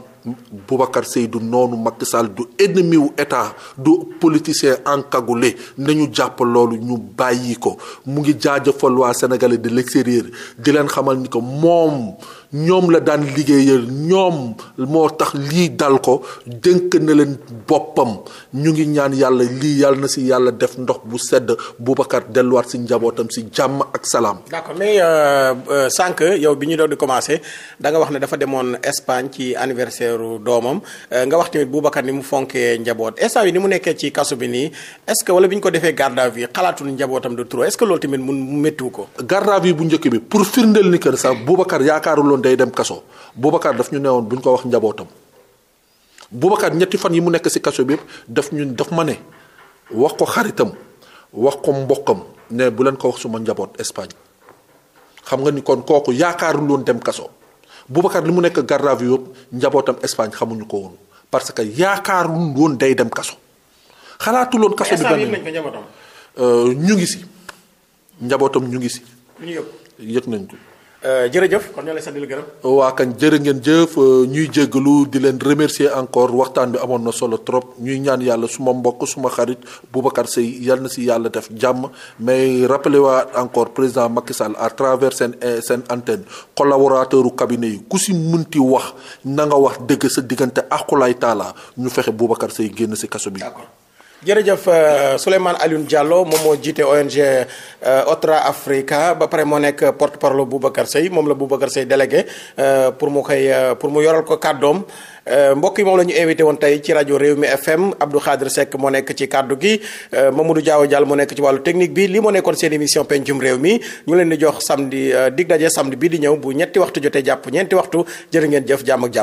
Boubacar Seye du noonu Macky Sall du ennemi wu état du politicien encagoulé nañu jàpp loolu ñu bàyyi ko mu ngi jaajëfal waa sénégalais de l'extérieur di leen xamal ni ko moom. ñoom la daan liggéeyal ñoom moo tax lii dal ko dénk na leen boppam ñu ngi ñaan yàlla lii yàlla na si yàlla def ndox bu sedd Boubacar delluwaat si njabootam si jàmm ak salaam. d'accord mais euh, euh, sànq yow bi ñu doon di commencé danga wax ne dafa demoon Espagne ci anniversaire doomam euh, nga wax tamit Boubacar ni mu fonkee njaboot instant yi ni mu nekkee ci kaso bi nii est-ce que wala bi ñu ko defee garde à xalaatul njabootam de trop est-ce que loolu tamit mun méttiwu ko. garde à day dem kaso Boubacar daf ñu newoon duñ ko wax njabootam Boubacar ñetti fan yi mu nekk si kaso bi yëpp daf ñun daf ma ne wax ko xaritam wax ko mbokkam ne bu leen ko wax suma njaboot Espagne xam nga ni kon kooku yaakaarul woon dem kaso Boubacar li mu nekk garde njabootam Espagne xamuñu ko woon parce que yaakaarul woon day dem kaso xalaatul woon kaso bi euh, ñu ngi si njabootam ñu ngi si yëg nañ ko Euh, jërëjëf kon ñoo lay waa kañ jërë ngeen jëf euh, ñuy jéggalu di leen remercier encore waxtaan bi amoon na solo trop ñuy ñaan yàlla suma mbokk suma xarit Boubacar Seye yal na si yàlla def jàmm mais rappelé waat encore président Macky Sall à travers seen eh, seen antenne collaborateur u yi ku si munti wax nanga wax dëgg sa diggante akulaay taala ñu fexe Boubacar Seye génn si kaso bi. jërëjëf euh, Souleymane Alioune Diallo moom moo jiite ONG euh, Otra Africa ba pare moo nekk porte parole Boubacar Seye moom la Boubacar Seye délégué euh, pour mu koy pour mu yoral ko kàddoom mbokk yi moom la ñu invité woon tey ci rajo réew mi FM Abdou Khadre Seck moo nekk ci kàddu gi Mamadou Diaw Diallo moo nekk ci wàllu technique bi li moo nekkoon seen émission pencum réew mi ñu leen di jox samedi dig daje samdi bii di ñëw bu ñetti waxtu jotee jàpp ñeenti waxtu jër ngeen jëf jàmm jàmm.